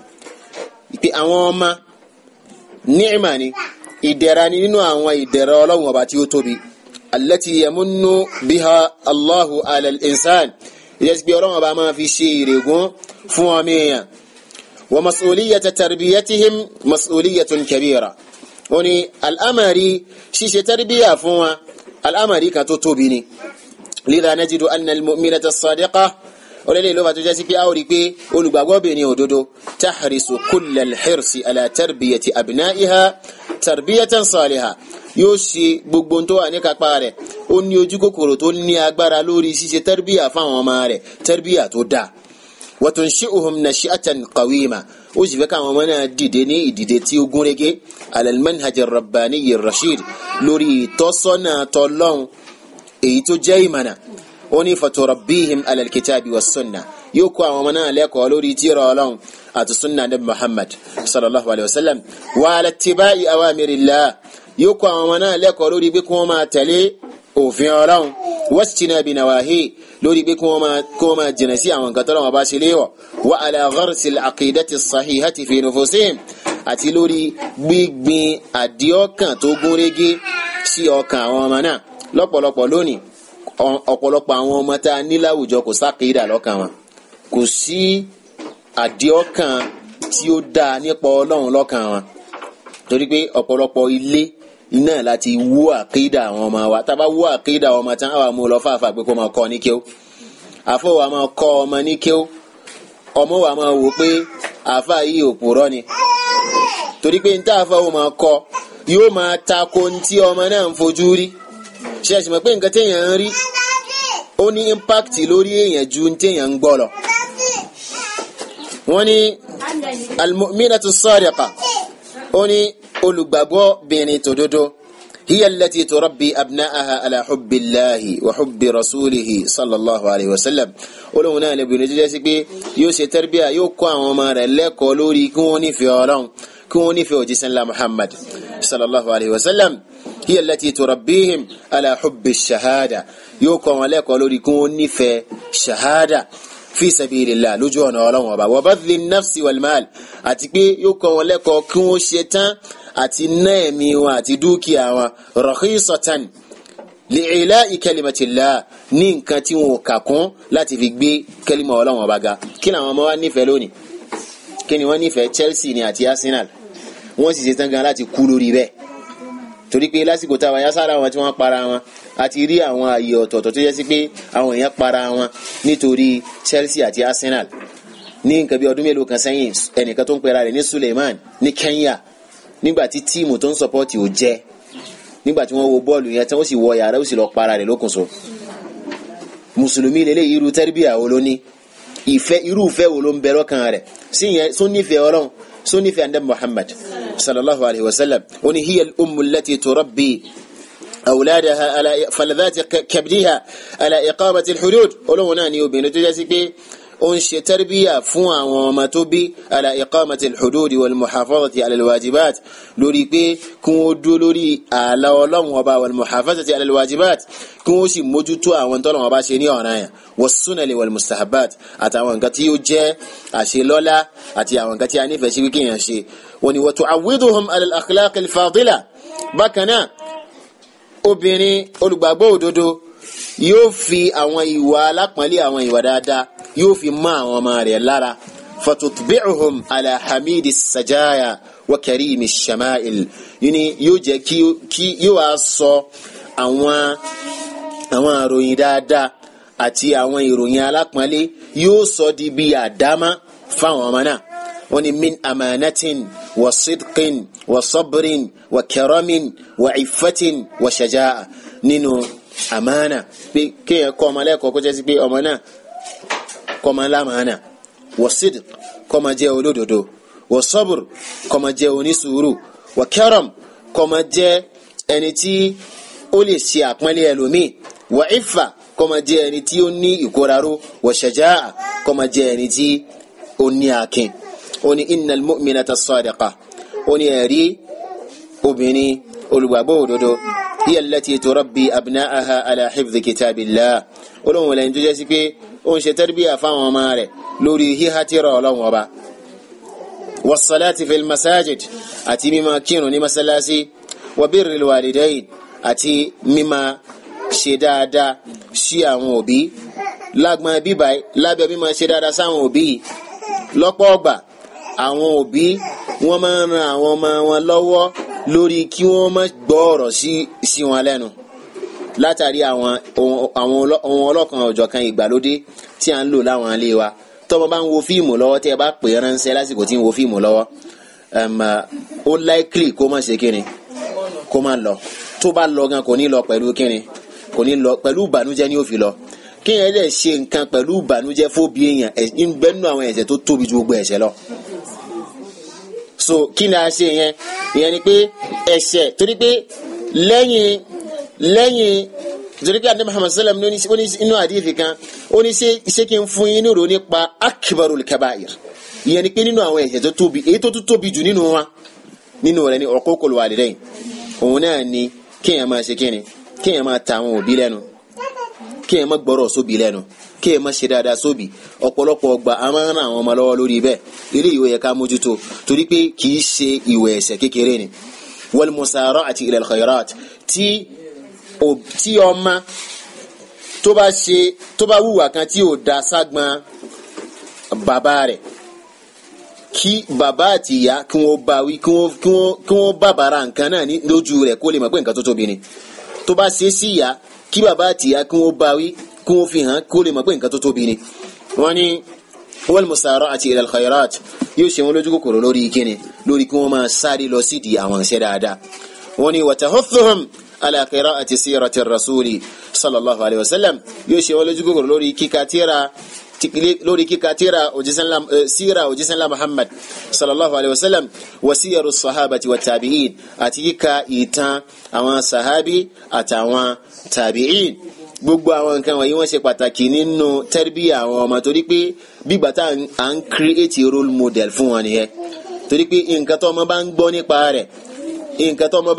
pé àwọn ọmọ ni'ma ni ìdẹ̀ra ni nínú àwọn ìdẹ̀ra ọlọ́run ọba tí ó tóbi allati yamunnu biha allahu alal insan ìyẹ́sì pé ọlọ́run ọba máa fi ṣe ìrègùn fún ọmọ èèyàn wa masuliyata tarbiyatihim masuliyatun kabira ó ní al'amari ṣíṣe tarbiya fún wa al'amari kan tó tóbi ni lidha najidu anna al-mu'minata as-sadiqa olele ló bá tó jásí pé a ó rí i pé olùgbàgbọ́ obìnrin òdodo tahrisu kullal hirsi ala tarbiyati abna'iha tarbiyatan saliha yóò ṣe gbogbo tó wà ní kápá rẹ̀ ó ní ojú kòkòrò tó ní agbára lórí ṣíṣe tarbiya fáwọn ọmọ rẹ̀ tarbiya tó dáa watunshi'uhum nashi'atan qawima ó sì fẹ́ káwọn ọmọ náà dìde ní ìdìde tí ó gúnrégé alal manhaj ar-rabbani ar-rashid lórí ìtọ́sọ́nà tọ́lọ́hún èyí tó jẹ́ ìmọ̀nà ó ní faturabbihim alal kitabi was sunna yóò kó àwọn ọmọ náà lẹ́kọ̀ọ́ lórí tírà ọlọ́hún àti sunna nabi muhammad sallallahu alayhi wa sallam wa ala ittiba'i awamirillah yóò kó àwọn ọmọ lẹ́kọ̀ọ́ lórí bí kí wọ́n máa tẹ̀lé òfin ọlọ́run wọ́sítínà bí nàwáhí lórí pé kí wọ́n máa jìnà sí àwọn nǹkan tọ́lọ́wọ́n bá ṣe léwọ̀ wà aláàgọ́rùsì àkìdẹ́tì sahihati fi nufusim àti lórí gbígbin àdíọ́kàn tó gúnrégé sí ọkàn àwọn ọmọ náà lọ́pọ̀lọpọ̀ lónìí ọ̀pọ̀lọpọ̀ àwọn ọmọ tá a ní láwùjọ kò sákìdà lọ́kàn wọn kò sí àdíọ́kàn tí ó dáa nípa ọlọ́run lọ́kàn wọn torí pé ọ̀pọ̀lọpọ̀ ilé iná láti wó àkéèdà àwọn ọmọ wa tábà wó àkéèdà àwọn ọmọ tán àwọn amú lọ fàáfà pé kó máa kọ́ ní kéw àfọ wa máa kọ́ ọmọ ní kéw ọmọ wa máa wò pé àfà yìí òpùrọ́ ni torí pé níta àfà wo máa kọ́ yóò máa tako ntí ọmọ náà ń fojú rí ṣe àṣìmọ̀ pé nǹkan téèyàn ń rí ó ní impact lórí èèyàn ju téèyàn ń gbọ́ lọ wọ́n ní almu'minatu sadiqa ó ní olùgbàgbọ́ bìnrin tòdodo hiya allati turabbi abna'aha ala hubbillahi wa hubbi rasulihi sallallahu alayhi wa sallam olóhùn náà lè bìnrin tó jẹ́ sí pé yóò ṣe tẹ́rbíà yóò kọ́ àwọn ọmọ rẹ̀ lẹ́kọ̀ọ́ lórí kí wọ́n nífẹ̀ẹ́ ọlọ́run kí wọ́n nífẹ̀ẹ́ òjíṣẹ́ ńlá muhammad sallallahu alayhi wa sallam hiya allati turabbihim ala shahada yóò kọ́ wọn lẹ́kọ̀ọ́ lórí kí wọ́n nífẹ̀ẹ́ shahada fi sabilillah lójú ọ̀nà ọlọ́run ọba wa badli nafsi wal àti pé yóò kọ́ wọn lẹ́kọ̀ọ́ kí wọ́n ṣe tán àti ná ẹ̀mí wọn àti dúkìá wọn rọ̀kísọ̀tàn lèèlà ìkẹlìmọ̀tìlá ní nǹkan tí wọn ò kà kún láti fi gbé kẹlìmọ̀ ọlọ́wọ̀n ọba ga kí làwọn ọmọ wa nífẹ̀ẹ́ lónìí kí ni wọ́n nífẹ̀ẹ́ Chelsea ni àti Arsenal wọ́n sì ṣe tán gan láti kú lórí bẹ́ẹ̀ torí pé lásìkò táwa yá sára wọn tí wọ́n para wọn a ti rí àwọn àyè ọ̀tọ̀ọ̀tọ̀ tó yẹ sí pé àwọn èèyàn para wọn nítorí Chelsea àti Arsenal ní nǹkan bí ọdún mélòó kan sẹ́yìn ẹnìkan tó ń pera rẹ̀ ní Suleiman ní Kenya nígbà tí tíìmù tó ń sọpọ́ọ̀tì ò jẹ́ nígbà tí wọ́n wo bọ́ọ̀lù yẹn tí wọ́n sì wọ yàrá ó sì lọ para rẹ̀ lókùnso mùsùlùmí lélẹ́ irú tẹ́rìbíà wo ló ní ìfẹ́ irú ìfẹ́ wo ló ń bẹ lọ́kàn rẹ̀ sí yẹn sún ọlọ́run sún andẹ́ Muhammad sallallahu alayhi wa sallam ó ní hiya al-ummu allati turabbi awladaha kabdiha ala iqamati al olóhùn náà ni obìnrin tó jẹ́ sí pé ó ń ṣe tẹ́rbíyà fún àwọn ọmọ tó bí ala iqamati al-hududi wal muhafazati ala al-wajibat lórí pé kí wọ́n dúró lórí ààlà ọlọ́run ọba wal muhafazati ala al-wajibat kí wọ́n sì mójútó àwọn tọ́lọ́run ọba ṣe ní ọ̀ranyàn was sunani wal mustahabat àtàwọn nǹkan tí ó jẹ́ àṣelọ́lá àti àwọn nǹkan tí a nífẹ̀ẹ́ sí wíkì yẹn ṣe wọ́n ni wa tu'awwiduhum ala al-akhlaq bákan yóò fi mọ́ àwọn ọmọ rẹ̀ lára fatutbi'uhum ala hamidi sajaya wa karimi shama'il yìí yóò jẹ́ kí yóò wá sọ àwọn àwọn àròyìn dáadáa àti àwọn ìròyìn alápọ̀nlé yóò sọ di bí àdámá fáwọn ọmọ náà wọ́n ní min amanatin wa sidqin wa sabrin wa karamin wa iffatin wa shaja'a nínú amana pé kéèyàn kọ́ ọmọ lẹ́kọ̀ọ́ kó jẹ́ sí pé ọmọ náà kọ́mọ lámàánà wọ́síd kọ́mọ jẹ́ olódodo wọ́sọ́bùr kọ́mọ jẹ́ onísùúrù wọ́kẹ́rọ̀m kọ́mọ jẹ́ ẹni tí ó lè ṣe àpọ́nlé ẹlòmíì wà ìfà kọ́mọ jẹ́ ẹni tí ó ní ìkóraró wọ̀ṣẹ̀já kọ́mọ jẹ́ ẹni tí ó ní akin ó ní innal mu'minata sadiqa ó ní ẹ̀rí obìnrin olùgbàgbọ́ òdodo hiya allati turabbi abna'aha ala hifdhi kitabillah ó wọlé ní sí pé ó ń ṣe tẹ́rìbíyà fáwọn ọmọ rẹ̀ lórí híhá tírà ọlọ́run ọba wasalati fil masajid àti mímá kírun ní masalasi wabiril walidain àti mímá ṣe dáadáa sí àwọn òbí lágbọn bíbá lábẹ́ mímá ṣe dáadáa sáwọn òbí lọ́pọ̀ ọgbà àwọn òbí wọ́n máa ń ran àwọn ọmọ wọn lọ́wọ́ lórí kí wọ́n má gbọ́ ọ̀rọ̀ sí wọn lẹ́nu látàrí àwọn ohun ọlọ́kan ọ̀jọ̀kan ìgbàlódé tí à ń lò láwọn ilé wa tọ́mọ bá ń wo fíìmù lọ́wọ́ tẹ́ ẹ bá pè é ránṣẹ́ lásìkò tí ń wo fíìmù lọ́wọ́ ó láìkìlì kó má ṣe kíni kó má lọ tó bá lọ gan kò ní lọ pẹ̀lú kíni kò ní lọ pẹ̀lú ìbànújẹ́ ni ó fi lọ kéèyàn lè ṣe nǹkan pẹ̀lú ìbànújẹ́ fóbi èèyàn ń bẹ́nu àwọn ẹ̀ṣẹ̀ tó tóbi ju gbogbo ẹ̀ṣẹ̀ lọ so kí ni a ṣe yẹn ìyẹn ni pé ẹ̀ṣẹ̀ torí pé lẹ́yìn lẹ́yìn zurika anabi muhammad sallam ní inú àdìfì kan ó ní ṣé kí n fún yín nírò nípa akibarul kabair ìyẹn ni pé nínú àwọn ẹ̀ṣẹ̀ tó tóbi èyí tó tún tóbi jù nínú wa nínú rẹ̀ ni uququl walidayn òun náà ni kéèyàn máa ṣe kíni kéèyàn máa ta àwọn òbí lẹ́nu kéèyàn máa gbọ́rọ̀ sóbi lẹ́nu kéèyàn máa ṣe dáadáa sóbi ọ̀pọ̀lọpọ̀ ọgbà a máa ń ran àwọn ọmọ lọ́wọ́ lórí bẹ́ẹ̀ ilé ìwé yẹ ká mójútó torí pé kì í ṣe ìwẹ̀ ẹ̀ṣẹ̀ kékeré ni wal musara'ati ilal khairat tí tí ọmọ tó bá ṣe tó bá wùwà kan tí ò da ságbọn bàbá rẹ̀ kí bàbá àti ìyá kí wọ́n bá wí kí wọ́n kí wọ́n kí nǹkan náà ní lójú rẹ̀ kó lè mọ̀ pé nǹkan tó tóbi ni tó bá ṣe sí ìyá kí bàbá àti ìyá kí wọ́n bá wí kí wọ́n fi hàn kó lè mọ̀ pé nǹkan tó tóbi ni wọ́n ní wal musara'ati ilal khairat yóò ṣe wọn lójú kòkòrò lórí kíni lórí kí wọ́n máa sáré lọ sídìí àwọn iṣẹ́ dáadáa wọ́n ní wa tahuthuhum ala qira'ati sirati rasuli sallallahu alayhi wa sallam yóò ṣe wọn lójú kòkòrò lórí kíka tíra lórí kíka tíra eh, síra òjísánlá muhammad sallallahu alayhi wa sallam wa siyaru sahabati wa tabi'in àti kíka ìtàn àwọn sahabi àtàwọn tabi'in gbogbo àwọn nǹkan wọ̀nyí wọ́n ṣe pàtàkì nínú tẹ́rbíyà àwọn ọmọ torí pé bígbà tá à ń create role model fún wọn nìyẹn torí pé nǹkan tó ọmọ bá ń gbọ́ nípa rẹ̀ nǹkan tó ọmọ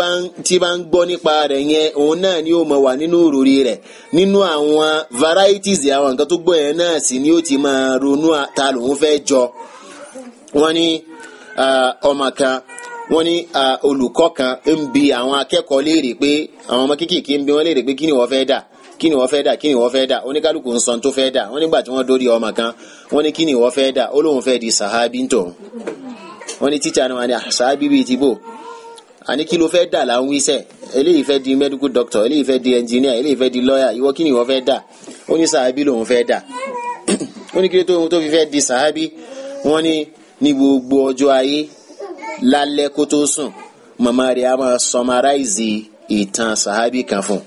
tí bá ń gbọ́ nípa rẹ̀ yẹn òun náà ni ó mọ̀ wà nínú òròrí rẹ̀ nínú àwọn varieties àwọn nǹkan tó gbọ́ yẹn náà sì ni ó ti máa ronú ta lòun fẹ́ jọ wọ́n ní ọmọ kan wọ́n ní olùkọ́ kan ń bi àwọn akẹ́kọ̀ọ́ léèrè pé àwọn ọmọ kéékèèké ń bi wọ́n léèrè pé kí ni wọ́n fẹ́ dà kí ni wọ́n fẹ́ dà kí ni wọ́n fẹ́ dà oníkálukú ń kan wọ́n ní kí ti bò Ani kí ló fẹ́ dà là ń wíṣẹ̀ eléyìí fẹ́ di medical doctor eléyìí fẹ́ di engineer eléyìí fẹ́ di lawyer ìwọ kí ni ìwọ fẹ́ dà ó ní sàábí lòun fẹ́ dà ó ní kí tó ohun tó fi fẹ́ di sàábí wọ́n ní ní gbogbo ọjọ́ ayé lálẹ́ kó tó sùn màmá rẹ̀ á máa summarize ìtàn sàábí kan fún un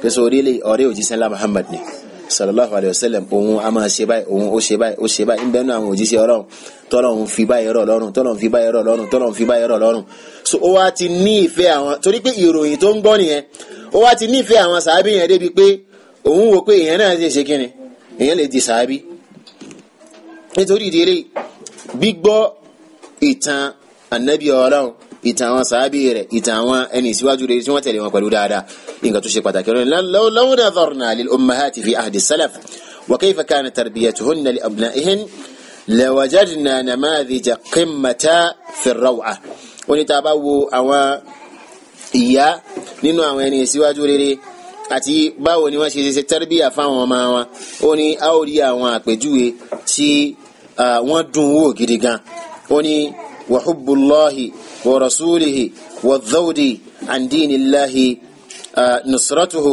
pèsè orílẹ̀ ọ̀rẹ́ òjíṣẹ́ Muhammad ni sallallahu alayhi wa sallam òun a máa ṣe báyìí òun ó ṣe báyìí ó ṣe báyìí nbẹ́nu àwọn òjíṣẹ́ ọlọ́run tọ́lọ́run fi báyìí rọ̀ lọ́rùn tọ́lọ́run fi báyìí rọ̀ lọ́rùn tọ́lọ́run fi báyìí rọ̀ lọ́rùn so ó wá ti ní ìfẹ́ àwọn torí pé ìròyìn tó ń gbọ́ nìyẹn ó wá ti ní ìfẹ́ àwọn sàábì yẹn débi pé òun wò pé èèyàn náà ṣe ṣe kíni èèyàn lè di sàábì nítorí ìdí eléyìí gbígbọ́ ìtàn ànábì ọlọ́run ìtàn àwọn sàábì rẹ̀ ìtàn àwọn ẹni ìsíwájú rẹ̀ tí wọ́n tẹ̀lé wọn pẹ̀lú dáadáa nǹkan tó ṣe pàtàkì ọ̀rọ̀ law nadharna lil ummahati fi ahdi salaf wa kayfa kanat tarbiyatuhunna li abna'ihin lawajadna namadhija qimmata fi raw'a ó ní tá a bá wo àwọn ìyá nínú àwọn ẹni síwájú rere àti báwo ni wọ́n ṣe ṣe tẹ́rẹ́bíyà fáwọn ọmọ wọn ó ní a ó rí àwọn àpèjúwe tí wọ́n dùn wò gidi gan ó ní wa hubbullahi wa rasulihi wa dhawdi an dinillahi nusratuhu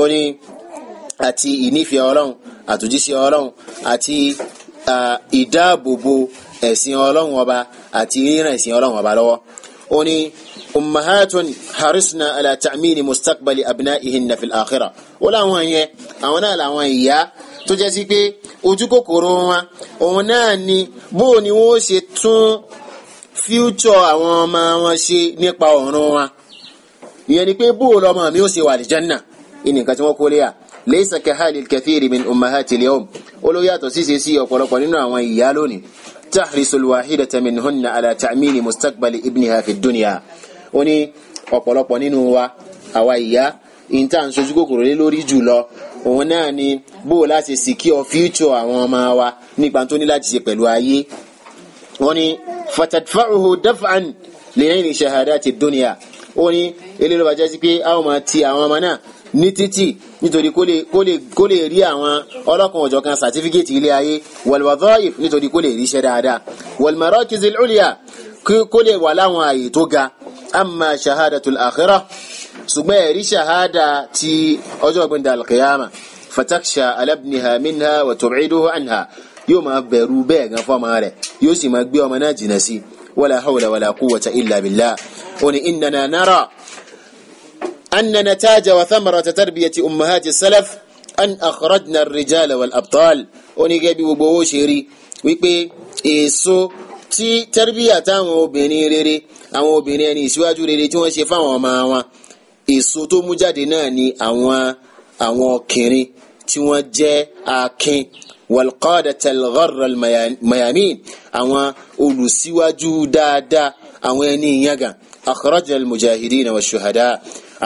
ó ní àti ìnífẹ̀ẹ́ ọlọ́run àtòjíṣẹ́ ọlọ́run àti ìdáàbòbò ẹ̀sìn ọlọ́run ọba àti ríran ẹ̀sìn ọlọ́run ọba lọ́wọ́ ó ní ummahatun harisna ala ta'mini mustaqbali abna'ihinna fil akhirah ó láwọn yẹn àwọn náà làwọn ìyá tó jẹ́ sí pé ojú kòkòrò wọn òun náà ni bó ni wọ́n ṣe tún future àwọn ọmọ wọn ṣe nípa ọ̀run wọn ìyẹn ni pé bó o lọ́mọ mi ó ṣe wà àlìjánná ìní nǹkan tí wọ́n kó léyà laysa kahali kathiri min ummahati al-yawm olóyè àtọ̀ síse sí ọ̀pọ̀lọpọ̀ nínú àwọn ìyá lónìí tahrisu al-wahidata minhunna ala ta'mini mustaqbali ibniha fi dunya ó ní ọ̀pọ̀lọpọ̀ nínú wa àwa ìyá ìta à ń sojú kòkòrò lé lórí jùlọ òun náà ni bó o láti secure future àwọn ọmọ wa nípa tó ní láti ṣe pẹ̀lú ayé wọ́n ní fatadfa'uhu daf'an li 'ayni shahadati dunya ó ní eléyìí ló bá jẹ́ sí pé a ó máa ti àwọn ọmọ náà ní títì nítorí kó lè kó lè kó lè rí àwọn ọlọ́kan ọ̀jọ̀kan sàtífíkẹ́tì ilé ayé wal wadhaif nítorí kó lè ríṣẹ́ dáadáa wal marakiz al ulya kó lè wà láwọn ààyè tó ga amma shahadatul akhirah ṣùgbọ́n ẹ̀rí ṣahada ti ọjọ́ gbẹ̀ndà alqiyama fataksha alabniha minha wa tub'iduhu anha yóò máa bẹ̀rù bẹ́ẹ̀ gan fọ́ọ̀mà rẹ̀ yóò sì máa gbé ọmọ náà jìnnà sí wala hawla wala quwwata illa billah òní innana nara anna nataja wa thamarata tarbiyati ummahati salaf an akhrajna ar-rijala wal abtal òní gẹ́bí gbogbo owó ṣe rí wípé èso tí tarbiya táwọn obìnrin rere àwọn obìnrin ẹni ìṣíwájú rere tí wọ́n ṣe fáwọn ọmọ wọn èso tó mú jáde náà ni àwọn àwọn ọkùnrin tí wọ́n jẹ́ akin walqadata al-gharra al-mayamin àwọn olùsíwájú dáadáa àwọn ẹni ìyàgàn akhraja al-mujahidina wa shuhada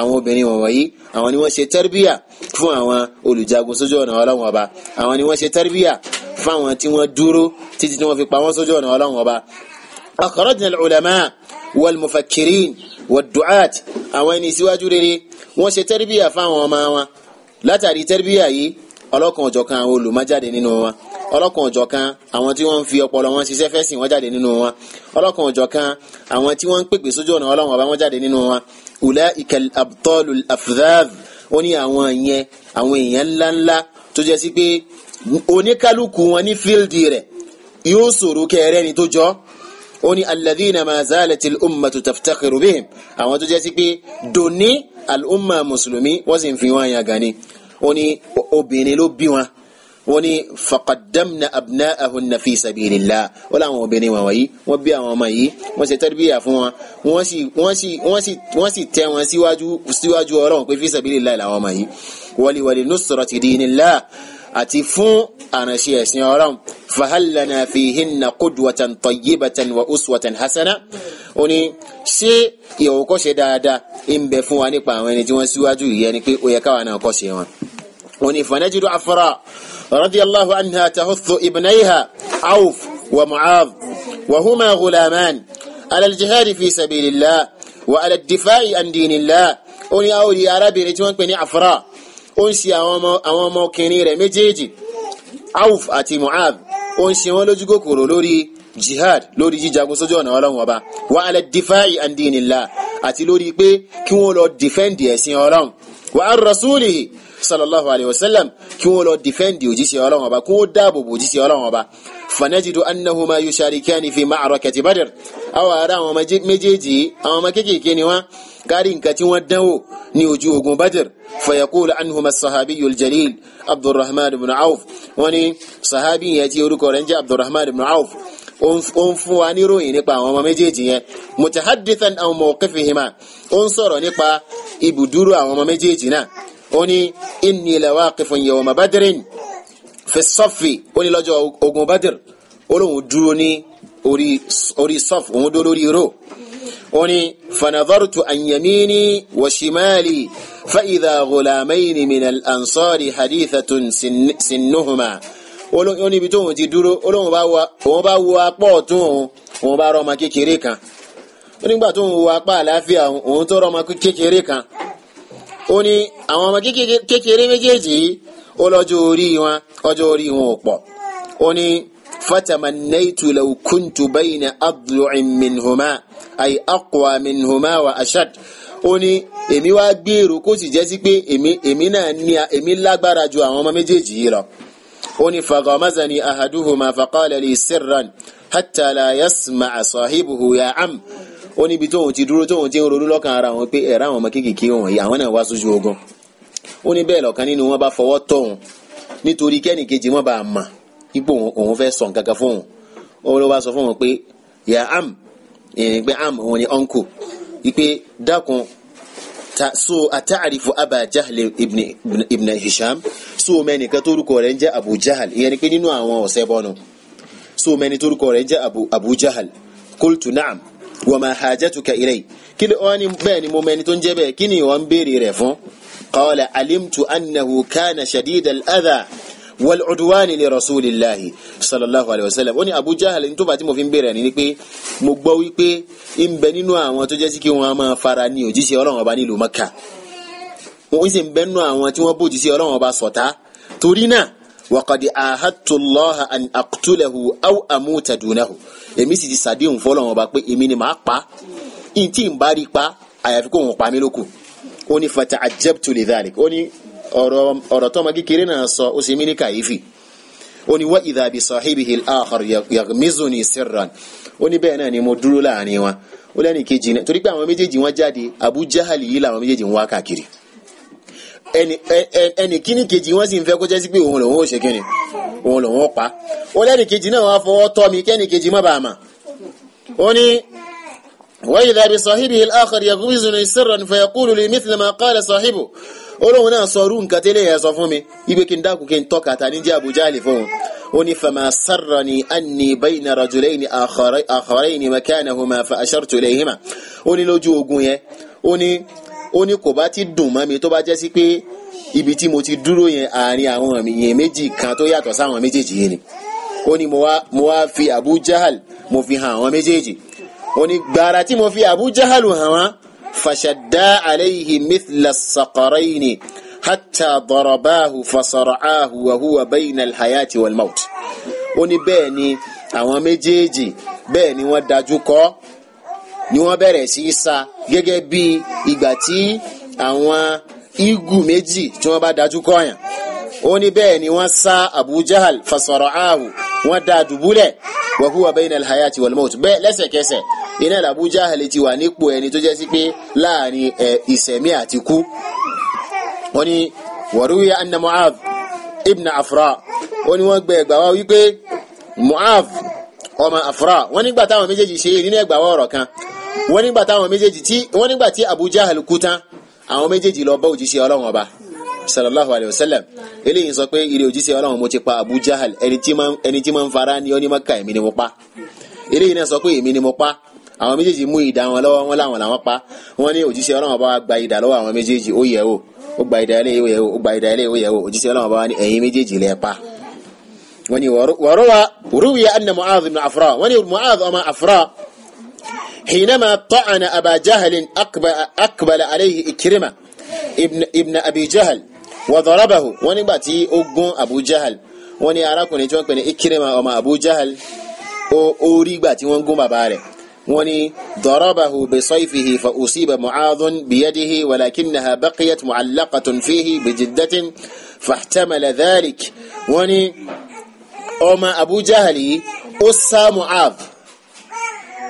àwọn obìnrin wọ̀nyí àwọn ni wọ́n ṣe tẹ́rbíyà fún àwọn olùjagun sójú ọ̀nà ọlọ́run ọba àwọn ni wọ́n ṣe tẹ́rbíyà fún àwọn tí wọ́n dúró títí tí wọ́n fi pa wọ́n sójú ọ̀nà ọlọ́run ọba akhrajna al-ulama wal-mufakkirin wad-du'at àwọn ẹni síwájú rere wọ́n ṣe tẹ́rbíyà fún àwọn ọmọ wọn látàrí tẹ́rbíyà yìí ọlọ́kan ọ̀jọ̀kan àwọn olùmọ́jáde nínú wọn ọlọ́kan òjọ̀kan àwọn tí wọ́n ń fi ọpọlọ wọn ṣiṣẹ́ fẹ́ sìn wọ́n jáde nínú wọn ọlọ́kan òjọ̀kan àwọn tí wọ́n ń pèpè sójú ọ̀nà ọlọ́run ọba wọn jáde nínú wọn ulaika al-abtalu al-afdhad ó ní àwọn yẹn àwọn èèyàn ńláńlá tó jẹ́ sí pé oníkálukú wọn ní fíldì rẹ̀ yóò ṣòro kẹrẹ́ ni tó jọ́ ó ní alladhina ma zalati al àwọn tó jẹ́ sí pé dòní al-umma mùsùlùmí wọ́n sì ń fi wọn yàn gani ó ní obìnrin ló bí wọn wọ́n ní faqaddamna abna'ahunna fi sabilillah wọ́n làwọn obìnrin wọn wọ̀nyí wọ́n bí àwọn ọmọ yìí wọ́n ṣe tẹ́rìbíyà fún wọn wọ́n sì wọ́n sì wọ́n sì wọ́n sì tẹ́ wọn síwájú síwájú ọlọ́run pé fi sabilillah làwọn ọmọ yìí waliwali nusrati dinillah àti fún àránṣẹ́ ẹ̀sìn ọlọ́run fahallana fihinna qudwatan tayyibatan wa uswatan hasana ó ní ṣé ìyàwó kọ́ṣe dáadáa wa nípa àwọn ẹni wọ́n síwájú yìí ẹni pé ó yẹ káwa náà رضي الله عنها تهث ابنيها عوف ومعاذ وهما غلامان على الجهاد في سبيل الله وعلى الدفاع عن دين الله ó ní àwọn òyìn arábìnrin tí wọ́n ń pè ní àfúrà ó ń ṣe àwọn ọmọkùnrin rẹ̀ méjèèjì auf àti mu'ad ó ń ṣe wọ́n lójú kòkòrò lórí jihad lórí jíjagun sójú ọ̀nà ọlọ́run ọba wa ala difa'i an dinillah àti lórí pé kí wọ́n lọ dìfẹ́ǹdì ẹ̀sìn ọlọ́run wa ar rasulihi sallallahu alayhi wa sallam kí wọ́n lọ defend òjíṣẹ́ ọlọ́run ọba kí wọ́n dáàbò bò òjíṣẹ́ ọlọ́run ọba fanajidu annahuma yusharikani fi ma'arakati badr àwọn ará àwọn méjèèjì àwọn ọmọ kéékèèké ni wọ́n kárí nǹkan tí wọ́n dánwò ní ojú ogun badr fayakul anhuma sahabi yul jalil abdulrahman ibn auf wọ́n ní sahabi yẹn tí orúkọ rẹ̀ ń jẹ́ abdulrahman ibn auf ó ń fún wa níròyìn nípa àwọn ọmọ méjèèjì yẹn mutahadithan aw mawqifihima ó ń sọ̀rọ̀ nípa ibùdúró àwọn ọmọ méjèèjì náà ó ní inni lawaqifun yawma badrin fi saffi ó ní lọ́jọ́ ogun badr ó lóun dúró ní orí saff òun dúró lórí ró ó ní fanadhartu an yamini wa shimali fa idha ghulamayni min al-ansari hadithatun sinnuhuma ó ní ibi tóun ti dúró ó lóun bá wo apá ọ̀tún òun bá rọmọ kékeré kan ó nígbà tóun apá àlàáfíà òun tó rọmọ kékeré kan ó ní àwọn ọmọ kékeré méjèèjì ó lọ́jọ́ orí wọn ọjọ́ orí wọn ò pọ̀ ó ní fatamannaitu law kuntu bayna adlu'in minhuma ay aqwa minhuma wa ashad ó ní èmi wá gbèrò kó sì jẹ́ sí pé èmi náà ní èmi lágbára ju àwọn ọmọ méjèèjì yìí lọ ó ní fagamazani ahaduhuma faqala sirran hatta la yasma'a ya am ó níbi tóun ti dúró tóun ti ń ronú lọ́kàn ara wọn pé ẹ̀rọ àwọn ọmọ kéékèèké wọ̀nyí àwọn náà wá sójú ogun ó ní bẹ́ẹ̀ lọ́kàn nínú wọn bá fọwọ́ tọ̀ òun nítorí kẹ́nìkejì wọn bá a mà ipò òun fẹ́ sọ nǹkan fóun ó ló bá sọ fóun pé yà am ìrìn pé am òun ni uncle ipe dákun ta so ata'rifu abaja jahl ibn ibn hisham so mẹ́nìkan tórúkọ rẹ̀ ń jẹ́ abu jahl ìyẹn ni pé nínú àwọn ọ̀sẹ̀ bọ́nu so mẹ́ni tórúkọ rẹ̀ ń jẹ́ abu abu jahl kultu na'am wa ma hajatuka ilay kí ló wọ́n ní bẹ́ẹ̀ ni mo mẹ́ni tó ń jẹ́ bẹ́ẹ̀ kí ni wọ́n ń béèrè rẹ̀ fún. qala alimtu annahu kana shadid al-adha wal udwan li rasulillah sallallahu alayhi wa sallam ó ní abu jahal ní tó bá tí mo fi ń béèrè ni pé mo gbọ́ wípé ń bẹ nínú àwọn tó jẹ́ sí kí wọ́n máa fara ní òjíṣẹ́ ọlọ́run ọba nílùú Makkah wọ́n sì ń bẹ nínú àwọn tí wọ́n bòjì sí ọlọ́run ọba sọ̀tá torí náà wakadi ahatulaha an akutulahu aw amutadunahu èmi sì ti sàdéhùn fọlọ́wọn ọba pé èmi ni màá pa ntí n bá rí pa àyàfi kó wọn pa mí lóko ó ní fata ajabtu li dhalik ó ní ọ̀rọ̀ tọ́mọ kékeré náà sọ ó sì mí ní kàyéfì ó ní wá ìdàbí sahibihi al-akhar yaghmizuni sirran ó ní bẹ́ẹ̀ náà ni mo dúró láàrin wa ó lẹ́nu kejì náà torí pé àwọn méjèèjì wọn jáde Abu Jahali yìí làwọn méjèèjì ń wá káàkiri ẹnì kíní kejì wọ́n sì ń fẹ́ kó jẹ́ sí pé òun lòun ò ṣe kíni òun lòun ò pa ó lẹ́nì kejì náà wọ́n fọwọ́ tọ́ mi kẹ́nì kejì má bàa mà ó ní wa idha bi sahibihi al-akhar yaghmizuni sirran fa yaqulu li mithla ma qala sahibu olóhùn náà sọ rú nǹkan tẹ́lẹ̀ yẹn sọ fún mi ibi kí n dákú kí n tọ́ka ta ní jẹ́ Abu fún un ó ní fama sarrani anni bayna rajulayni akharayni makanahuma fa ashartu ilayhima ó ní lójú ogun yẹn ó ní ó ní kò bá ti dùn mọ́ mi tó bá jẹ́ sí pé ibi tí mo ti dúró yẹn àárín àwọn èèyàn méjì kan tó yàtọ̀ sáwọn méjèèjì yẹn ni ó ní mo wá fi Abu Jahal mo fi hàn àwọn méjèèjì ó ní gbàrà tí mo fi Abu Jahal hàn wọ́n fashadda alayhi mithla as-saqarayni hatta darabahu fasaraahu wa huwa bayna al-hayati wal-maut ó ní bẹ́ẹ̀ ni àwọn méjèèjì bẹ́ẹ̀ ni wọ́n dájú kọ́ ni wọ́n bẹ̀rẹ̀ sí í sa gẹ́gẹ́ bí ìgbà tí àwọn igu méjì tí wọ́n bá dájú kọyàn ó ní bẹ́ẹ̀ ni wọ́n sa Abu Jahal fasaraahu wọ́n da dùbúlẹ̀ wa huwa bayna al-hayati wal-maut bẹ́ẹ̀ lẹ́sẹ̀kẹsẹ̀ iná Abu Jahal ti wà nípò ẹni tó jẹ́ sí pé láàrin ìsẹ̀mí àti kú wọ́n ní waruya anna Mu'adh ibn Afra ó ní wọ́n gbẹ ẹgbàá wá wípé Mu'adh ọmọ Afra wọ́n nígbà táwọn méjèèjì ṣe é nínú ẹgbàá ọ̀rọ̀ kan wọ́n nígbà táwọn méjèèjì tí wọ́n nígbà tí Abu Jahal kú tán àwọn méjèèjì lọ bá òjíṣẹ́ ọlọ́run ọba sallallahu alayhi wa sallam eléyìí sọ pé ìrè òjíṣẹ́ ọlọ́run mo ti pa Abuja Jahal ẹni tí máa ń fara ní ọ́ní Mákà èmi ni mo pa eléyìí náà sọ pé èmi ni mo pa àwọn méjèèjì mú ìdá wọn lọ́wọ́ wọn láwọn làwọn pa wọ́n ní òjíṣẹ́ ọlọ́run ọba gba ìdá lọ́wọ́ àwọn méjèèjì ó yẹ̀ wò ó gba ìdá ilé ìwé ó gba ìdá ilé ìwé yẹ̀ wò òjíṣẹ́ ọlọ́run ọba ní ẹ̀yin méjèèjì lẹ pa wọ́n ní wọ́rọ́wà rúwìyà anna Mu'adh ibn Afra wọ́n ní Mu'adh ọmọ Afra حينما طعن أبا جهل أقبل عليه إكرمة ابن, ابن أبي جهل وضربه ونباتي أقون أبو جهل وني أراك ونجوانك بني إكرمة وما أبو جهل أوري باتي ونقوم باري وني ضربه بصيفه فأصيب معاذ بيده ولكنها بقيت معلقة فيه بجدة فاحتمل ذلك وني أما أبو جهل أسى معاذ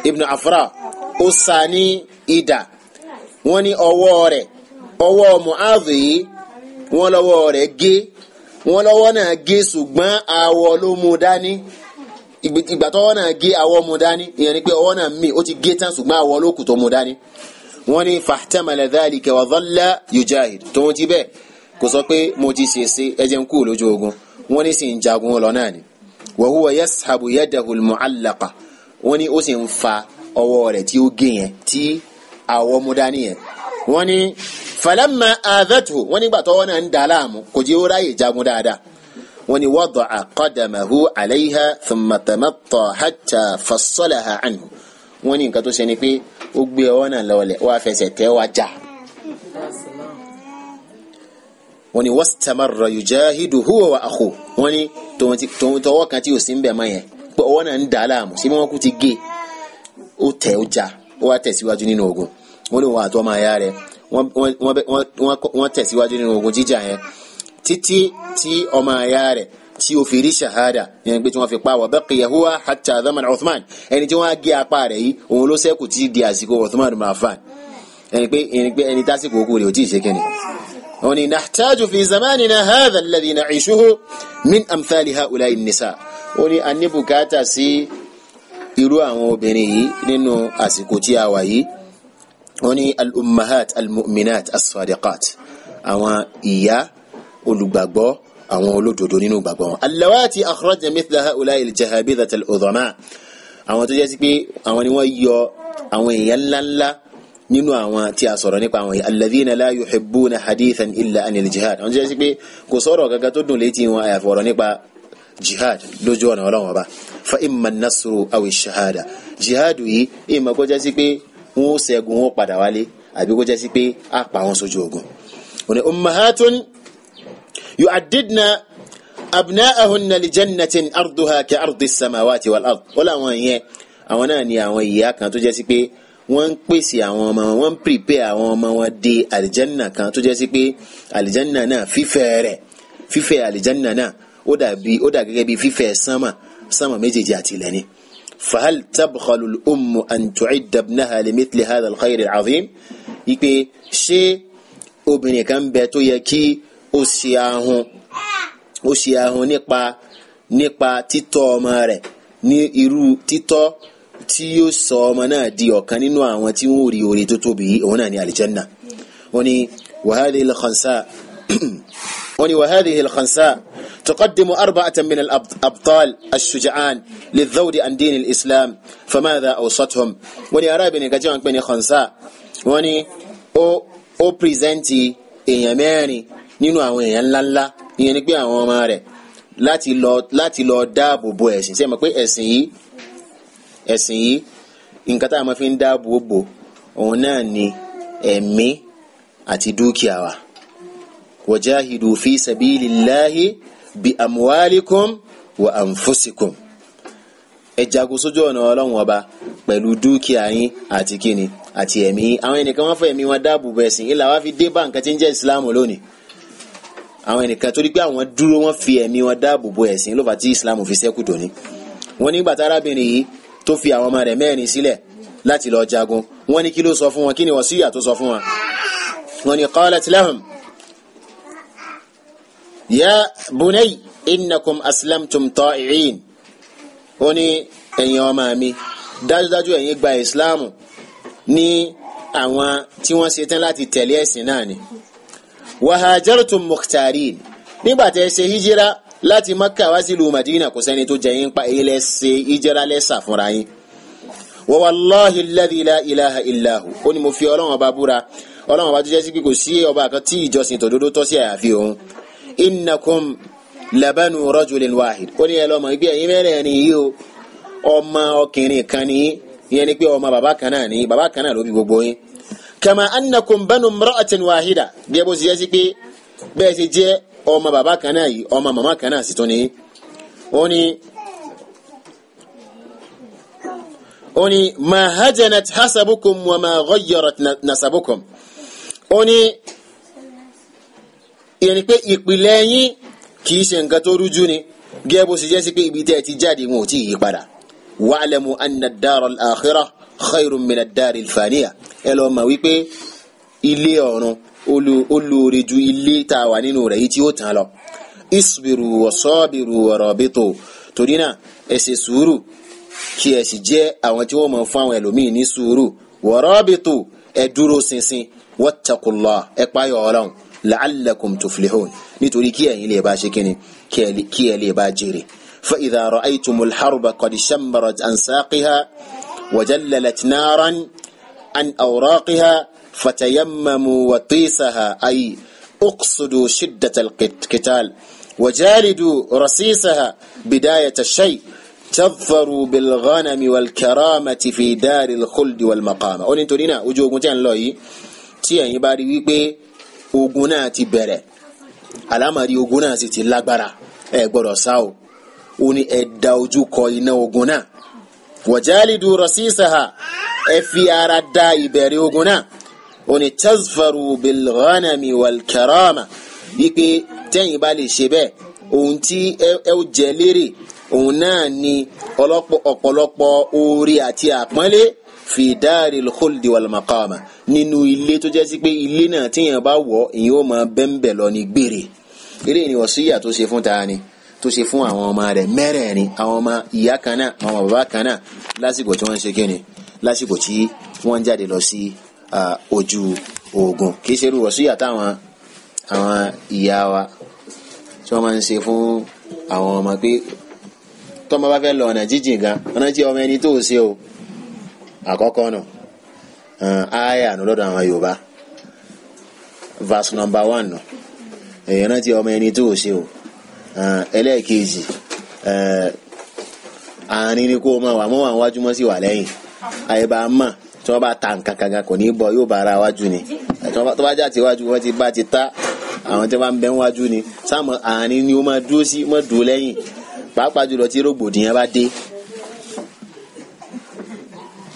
ibn afra ó sa ní idà wọ́n ní ọwọ́ rẹ̀ ọwọ́ mu'adh yìí wọ́n lọ́wọ́ rẹ̀ gé wọ́n lọ́wọ́ náà gé ṣùgbọ́n awọ ló mú dání ìgbà tọ́wọ́ náà gé awọ mú dání ìyẹn ni pé ọwọ́ náà mì ó ti gé tán ṣùgbọ́n awọ ló kù tó mú dání wọ́n ní fahtamala dhalika wa dhalla yujahid ti bẹ́ẹ̀ kò sọ pé mo ti ṣèṣe ẹjẹ ń kú lójú ogun wọ́n ní sì ń jagun lọ náà ni wa huwa yashabu yadahu al wọ́n ní ó sì ń fa ọwọ́ rẹ̀ tí ó gé yẹn tí àwọ̀ mu dání yẹn wọ́n ní falamma adhatu wọ́n nígbà tọ́wọ́ náà ń dà láàmú kò jẹ́ ó ráyè jagun dáadáa wọ́n ní wada'a qadamahu alayha thumma tamatta hatta fassalaha wọ́n ní nǹkan tó ṣe ni pé ó gbé ọwọ́ náà lọ́lẹ̀ wọ́n á fẹsẹ̀ tẹ́ wá já wọ́n ní wastamarra yujahidu huwa wa akhu wọ́n ní tòun tọwọ́ kan tí ò sí ń bẹ̀ mọ́ yẹn ọwọ́ náà ń dà á láàmú sí mọ́mọ́kú ti gé ó tẹ̀ ó já ó wá tẹ̀síwájú nínú ogun wọ́n lè wọ́n àtọ́ ọmọ aya rẹ̀ wọ́n tẹ̀síwájú nínú ogun jíjà yẹn títí tí ọmọ aya rẹ̀ tí ó fi rí ṣahada yẹn pé tí wọ́n fi pa wọ́n baqiya huwa hatta zaman Uthman ẹni tí wọ́n á gé apá rẹ̀ yìí òun ló ṣẹ́kù tí di àsìkò Uthman ibn Affan ẹni pé ẹni pé ẹni tásìkò okùn rẹ̀ ò tí ì ṣe kẹ́ni. wọ́n ní nahtaju fi zamanina hadha alladhi na'ishuhu min amthali ha'ula'i nisa ó ní a ní bùkátà sí irú àwọn obìnrin yìí nínú àsìkò tí a wà yìí ó ní al-ummahat al-mu'minat as-sadiqat àwọn ìyá olùgbàgbọ́ àwọn olódodo nínú gbàgbọ́ wọn. allawati akhrajna mithla ha'ula'i al-jahabidhat al-udhama àwọn tó jẹ́ sí pé àwọn ni wọ́n yọ àwọn èèyàn ńláńlá nínú àwọn tí a sọ̀rọ̀ nípa àwọn yìí alladhina la yuhibbuna hadithan illa anil jihad àwọn tó jẹ́ sí pé kò sọ̀rọ̀ gàgà tó dùn létí wọn àyàfọ̀rọ̀ nípa jihad lójú ọ̀nà ọlọ́run ọba fa imma nasru awi shahada jihad yìí ìmọ̀ kó jẹ́ sí pé wọn ó ṣẹ́gun wọn padà wálé àbí kó jẹ́ sí pé a pa wọn sójú ogun. òní ummahatun yu'addidna abna'ahunna li jannatin arduha ka ardi samawati wal ard wọ́n làwọn yẹn àwọn náà ni àwọn ìyá kan tó jẹ́ sí pé wọ́n ń pèsè àwọn ọmọ wọn wọ́n ń prepare àwọn ọmọ wọn de àlìjánná kan tó jẹ́ sí pé àlìjánná náà fífẹ̀ rẹ̀ fífẹ̀ àlìjánná náà ó dàbí ó dà gẹ́gẹ́ bí fífẹ̀ sánmà sánmà méjèèjì àti ilẹ̀ ni. fahal tabkhalu al-ummu an tu'idda ibnaha li mithli hadha al-khayr al-azim ipe ṣé obìnrin kan bẹ tó yẹ kí ó ṣe ahun ó ṣe ahun nípa nípa títọ́ ọmọ rẹ̀ ní irú títọ́ tí yóò sọ ọmọ náà di ọ̀kan nínú àwọn tí wọ́n rí oore tó tóbi òun náà ní alìjẹ́nà wọ́n ní wàhálì ilẹ̀ khansa wọ́n ní wàhálì ilẹ̀ khansa تقدم أربعة من الأبطال الشجعان للذود عن دين الإسلام فماذا أوصتهم وني أرابني قجوانك بني خنساء وني أو أو بريزنتي èèyàn mẹ́rin nínú àwọn èèyàn ńláńlá ìyẹn ni pé àwọn ọmọ rẹ̀ láti lọ láti lọ dáàbò bo ẹ̀sìn ṣe mọ̀ pé ẹ̀sìn yìí ẹ̀sìn yìí nǹkan tá a máa fi ń dáàbò bò òun náà ni ẹ̀mí àti dúkìá wa wajahidu fi sabilillahi bi amuwalikum wa anfusikum ẹ jagun sójú ọ̀nà ọlọ́run ọba pẹ̀lú dúkìá yín àti kíni àti ẹ̀mí àwọn ẹnìkan wọ́n fẹ́ ẹ̀mí wọn dáàbò bẹ̀ sìn ilà wá fi dé bá nǹkan tí ń jẹ́ ìsìláàmù lónìí àwọn ẹnìkan torí pé àwọn dúró wọ́n fi ẹ̀mí wọn dáàbò bo ẹ̀sìn ló fà tí ìsìláàmù fi ṣẹ́kù dòní wọ́n nígbà tí arábìnrin yìí tó fi àwọn ọmọ rẹ̀ mẹ́rin sílẹ̀ láti lọ jagun wọ́n ní kí ló sọ fún wọn kí ni wọ́n síyà tó sọ fún wọn wọ́n ní qalat يا بني إنكم أسلمتم طائعين ó ní ẹ̀yin ọmọ mi dájúdájú ẹ̀yin gba ìsìláàmù ní àwọn tí wọ́n ṣe tán láti tẹ̀lé ẹ̀sìn náà ni. wàhájẹ́rùtún mukhtarin nígbà tẹ́ ṣe hijira láti Makka wá sílùú Madina kò sẹ́ni tó jẹ yín pa èyí lẹ́ ṣe hijira lẹ́sà fúnra yín. wa wallahi alladhi la ó ní mo fi ọlọ́run ọba búra ọlọ́run ọba tó jẹ́ sí pé kò sí ọba kan ìjọsìn tòdodo tọ́ àyàfi òun innakum labanu rajulin wahid ó ní ẹ lọ́mọ ibi ẹ̀yin mẹ́rin ni yìí o ọmọ ọkùnrin kan ni ìyẹn ni pé ọmọ bàbá kan náà ni bàbá kan náà ló bí gbogbo yín kama annakum banu mra'atin wahida bí ẹ bó ṣe yẹ sí pé bẹ́ẹ̀ ṣe jẹ́ ọmọ bàbá kan náà yìí ọmọ màmá kan náà sì tún ni ó ní ó ma hajanat hasabukum wa ma ghayyarat nasabukum ó ìyẹn ni pé ìpìlẹ̀ yín kì í ṣe nǹkan tó rújú ni gẹ́gẹ́ bó ṣe jẹ́ sí pé ibi tẹ́ ẹ ti jáde wọn ò tí ì yí padà wa'lamu anna ad-dara al-akhirah khayrun min ad-dari al-faniya ẹ lọ mọ̀ wípé ilé ọ̀run olóore ju ilé tá a wà nínú rẹ̀ yìí tí ó tán lọ isbiru wa sabiru wa rabitu torí náà ẹ ṣe sùúrù kí ẹ sì jẹ́ àwọn tí wọ́n mọ̀ fún àwọn ẹlòmíì ní sùúrù wa rabitu ẹ dúró ṣinṣin wattaqullah ẹ páyọ̀ ọlọ́run la'allakum tuflihun nítorí kí ẹ̀yin lè bá ṣe kíni kí ẹ lè bá jèrè. fa idha ra'aytumul harba qad shammarat an saqiha wa jallalat naran an awraqiha fatayammamu wa tisaha ay uqsudu shiddata al-qital وجالدوا رصيصها بداية الشيء تظفروا بالغنم والكرامة في دار الخلد والمقامة ó ní torí náà ojú ogun tí a ń lọ yìí tí ẹ̀yin bá rí wípé ogun náà ti bẹ̀rẹ̀ àlámọ̀rí ogun náà sì ti lágbára ẹ gbọ́dọ̀ sá o ó ní ẹ da ojú kọ iná ogun náà wajalidu rasisaha ẹ fi ara da ìbẹ̀rẹ̀ ogun náà ó ní tazfaru bil ghanami wal wípé tẹ́yìn bá lè ṣe bẹ́ẹ̀ ohun tí ẹ ó jẹ lérè òun náà ni ọ̀pọ̀lọpọ̀ oore àti àpọ́nlé fi daril khuldi wal maqama nínú ilé tó jẹ́ sí pé ilé náà tíyàn bá wọ̀ ìyẹn ó máa bẹ́ńbẹ̀ lọ ní gbére eré ni wàsíyà tó ṣe fún ta ni tó ṣe fún àwọn ọmọ rẹ̀ mẹ́rẹ̀ẹ̀rin àwọn ọmọ ìyá kan náà àwọn bàbá kan náà lásìkò tí wọ́n ń ṣe kíni lásìkò tí wọ́n ń jáde lọ sí ojú ogun kì í ṣe irú wàsíyà táwọn àwọn ìyá wa tí wọ́n máa ń ṣe fún àwọn ọmọ pé tọ́mọ bá fẹ́ lọ ọ̀nà jíjìn gan ọ̀nà jí ọmọ ẹni tó ṣe o àkọ́kọ́ nù aya eh, nù lọ́dọ̀ àwọn yorùbá verse number one nù èèyàn náà ti ọmọ ẹni tó o ṣe o eh, ẹlẹ́ẹ̀kejì eh, àárín ni kó o máa wà mọ́ àwọn wájú mọ́ sí wà lẹ́yìn àyèbá mọ̀ tí wọ́n bá ta nǹkan kankan kò ní í bọ̀ yóò bá ara wájú ni tó bá jáde wájú wọ́n ti bá ti ta àwọn tí wọ́n bá ń wájú ni sáàmù àárín ni ó máa dúró sí mọ́ dúró lẹ́yìn pàápàá jùlọ tí rògbòdìyàn bá dé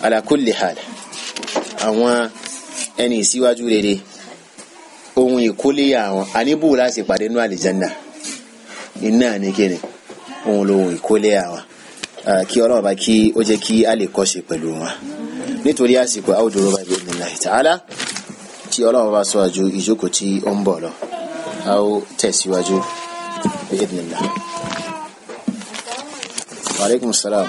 ala kulli hal àwọn ẹni ìsíwájú rere ohun ìkólé àwọn àníbù láti pàdé nínú àlìjánná iná ní kíni ohun lohun ìkólé àwọn kí ọlọ́run bá kí ó jẹ́ kí a lè kọ́ṣe pẹ̀lú wọn nítorí àsìkò àwùjọ rọba ibi ìnìlá ta'ala tí ọlọ́run bá sọ àjò ìjókòó tí ó ń bọ̀ lọ a ó tẹ̀síwájú bi idhnillah. Wa alaikum salaam.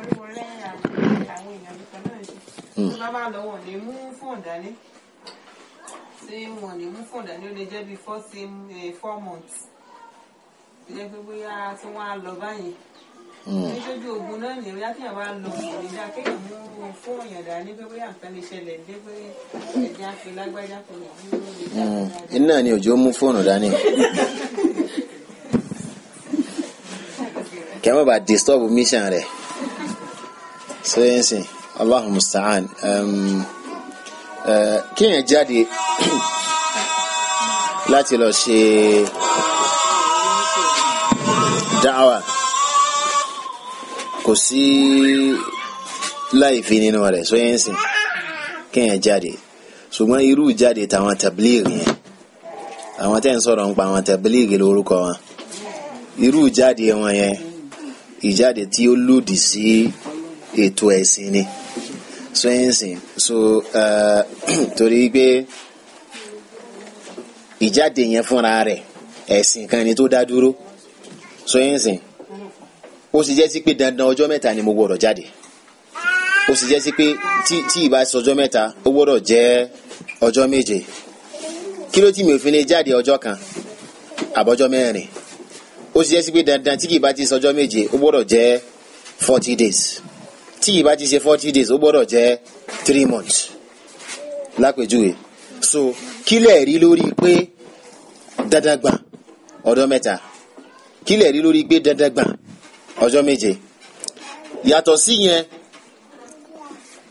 lábàá mm. lọ́wọ́ ní mú fóònù dání tí wọ́n ní mú fóònù dání ó lè jẹ́ bíi eh, four months jẹ́ pé bóyá tí wọ́n á lọ báyìí mm. nítorí ogun náà ní bóyá kéèyàn bá lọ òní dá kéèyàn mú fóònù yẹn dání pé bóyá nǹkan lè ṣẹlẹ̀ dé pé ẹ̀jẹ̀ á lágbájá pé òun ló lè dá. iná ni òjò mú fóònù dání. kẹ́mọ́ bá disturb mission rẹ̀ sóyẹ́nsìn. So, Allahu musta'an eh, kéèyàn jáde láti lọ ṣe dáwà kò sí láìfi nínú rẹ̀ sóyẹ́ ń sìn kéèyàn jáde ṣùgbọ́n irú jáde tàwọn tàbílìrì yẹn àwọn tẹ́ ń sọ̀rọ̀ ń pa àwọn tàbílìrì lórúkọ wọn irú jáde wọn yẹn ìjáde tí ó lòdì sí ètò ẹ̀sìn ni so yín sìn so uh, torí pé ìjáde yẹn fúnra rẹ̀ ẹ̀sìn kan ni tó dá dúró so yín sìn ó sì jẹ́ sí pé dandan ọjọ́ mẹ́ta ni mo gbọ́dọ̀ jáde ó sì jẹ́ sí pé tí tí ìbá sọ ọjọ́ mẹ́ta ó gbọ́dọ̀ jẹ́ ọjọ́ méje kí ló tí mi ò fi lè jáde ọjọ́ kan àbọ̀jọ́ mẹ́rin ó sì jẹ́ sí pé dandan tí kì í bá ti sọ méje ó gbọ́dọ̀ jẹ́ forty days tí ìbá ti ṣe forty days ó gbọ́dọ̀ jẹ́ three months lápèjúwe so kílẹ̀ rí lórí pé dandan gbà ọjọ́ mẹ́ta kílẹ̀ rí lórí pé dandan gbà ọjọ́ méje yàtọ̀ sí yẹn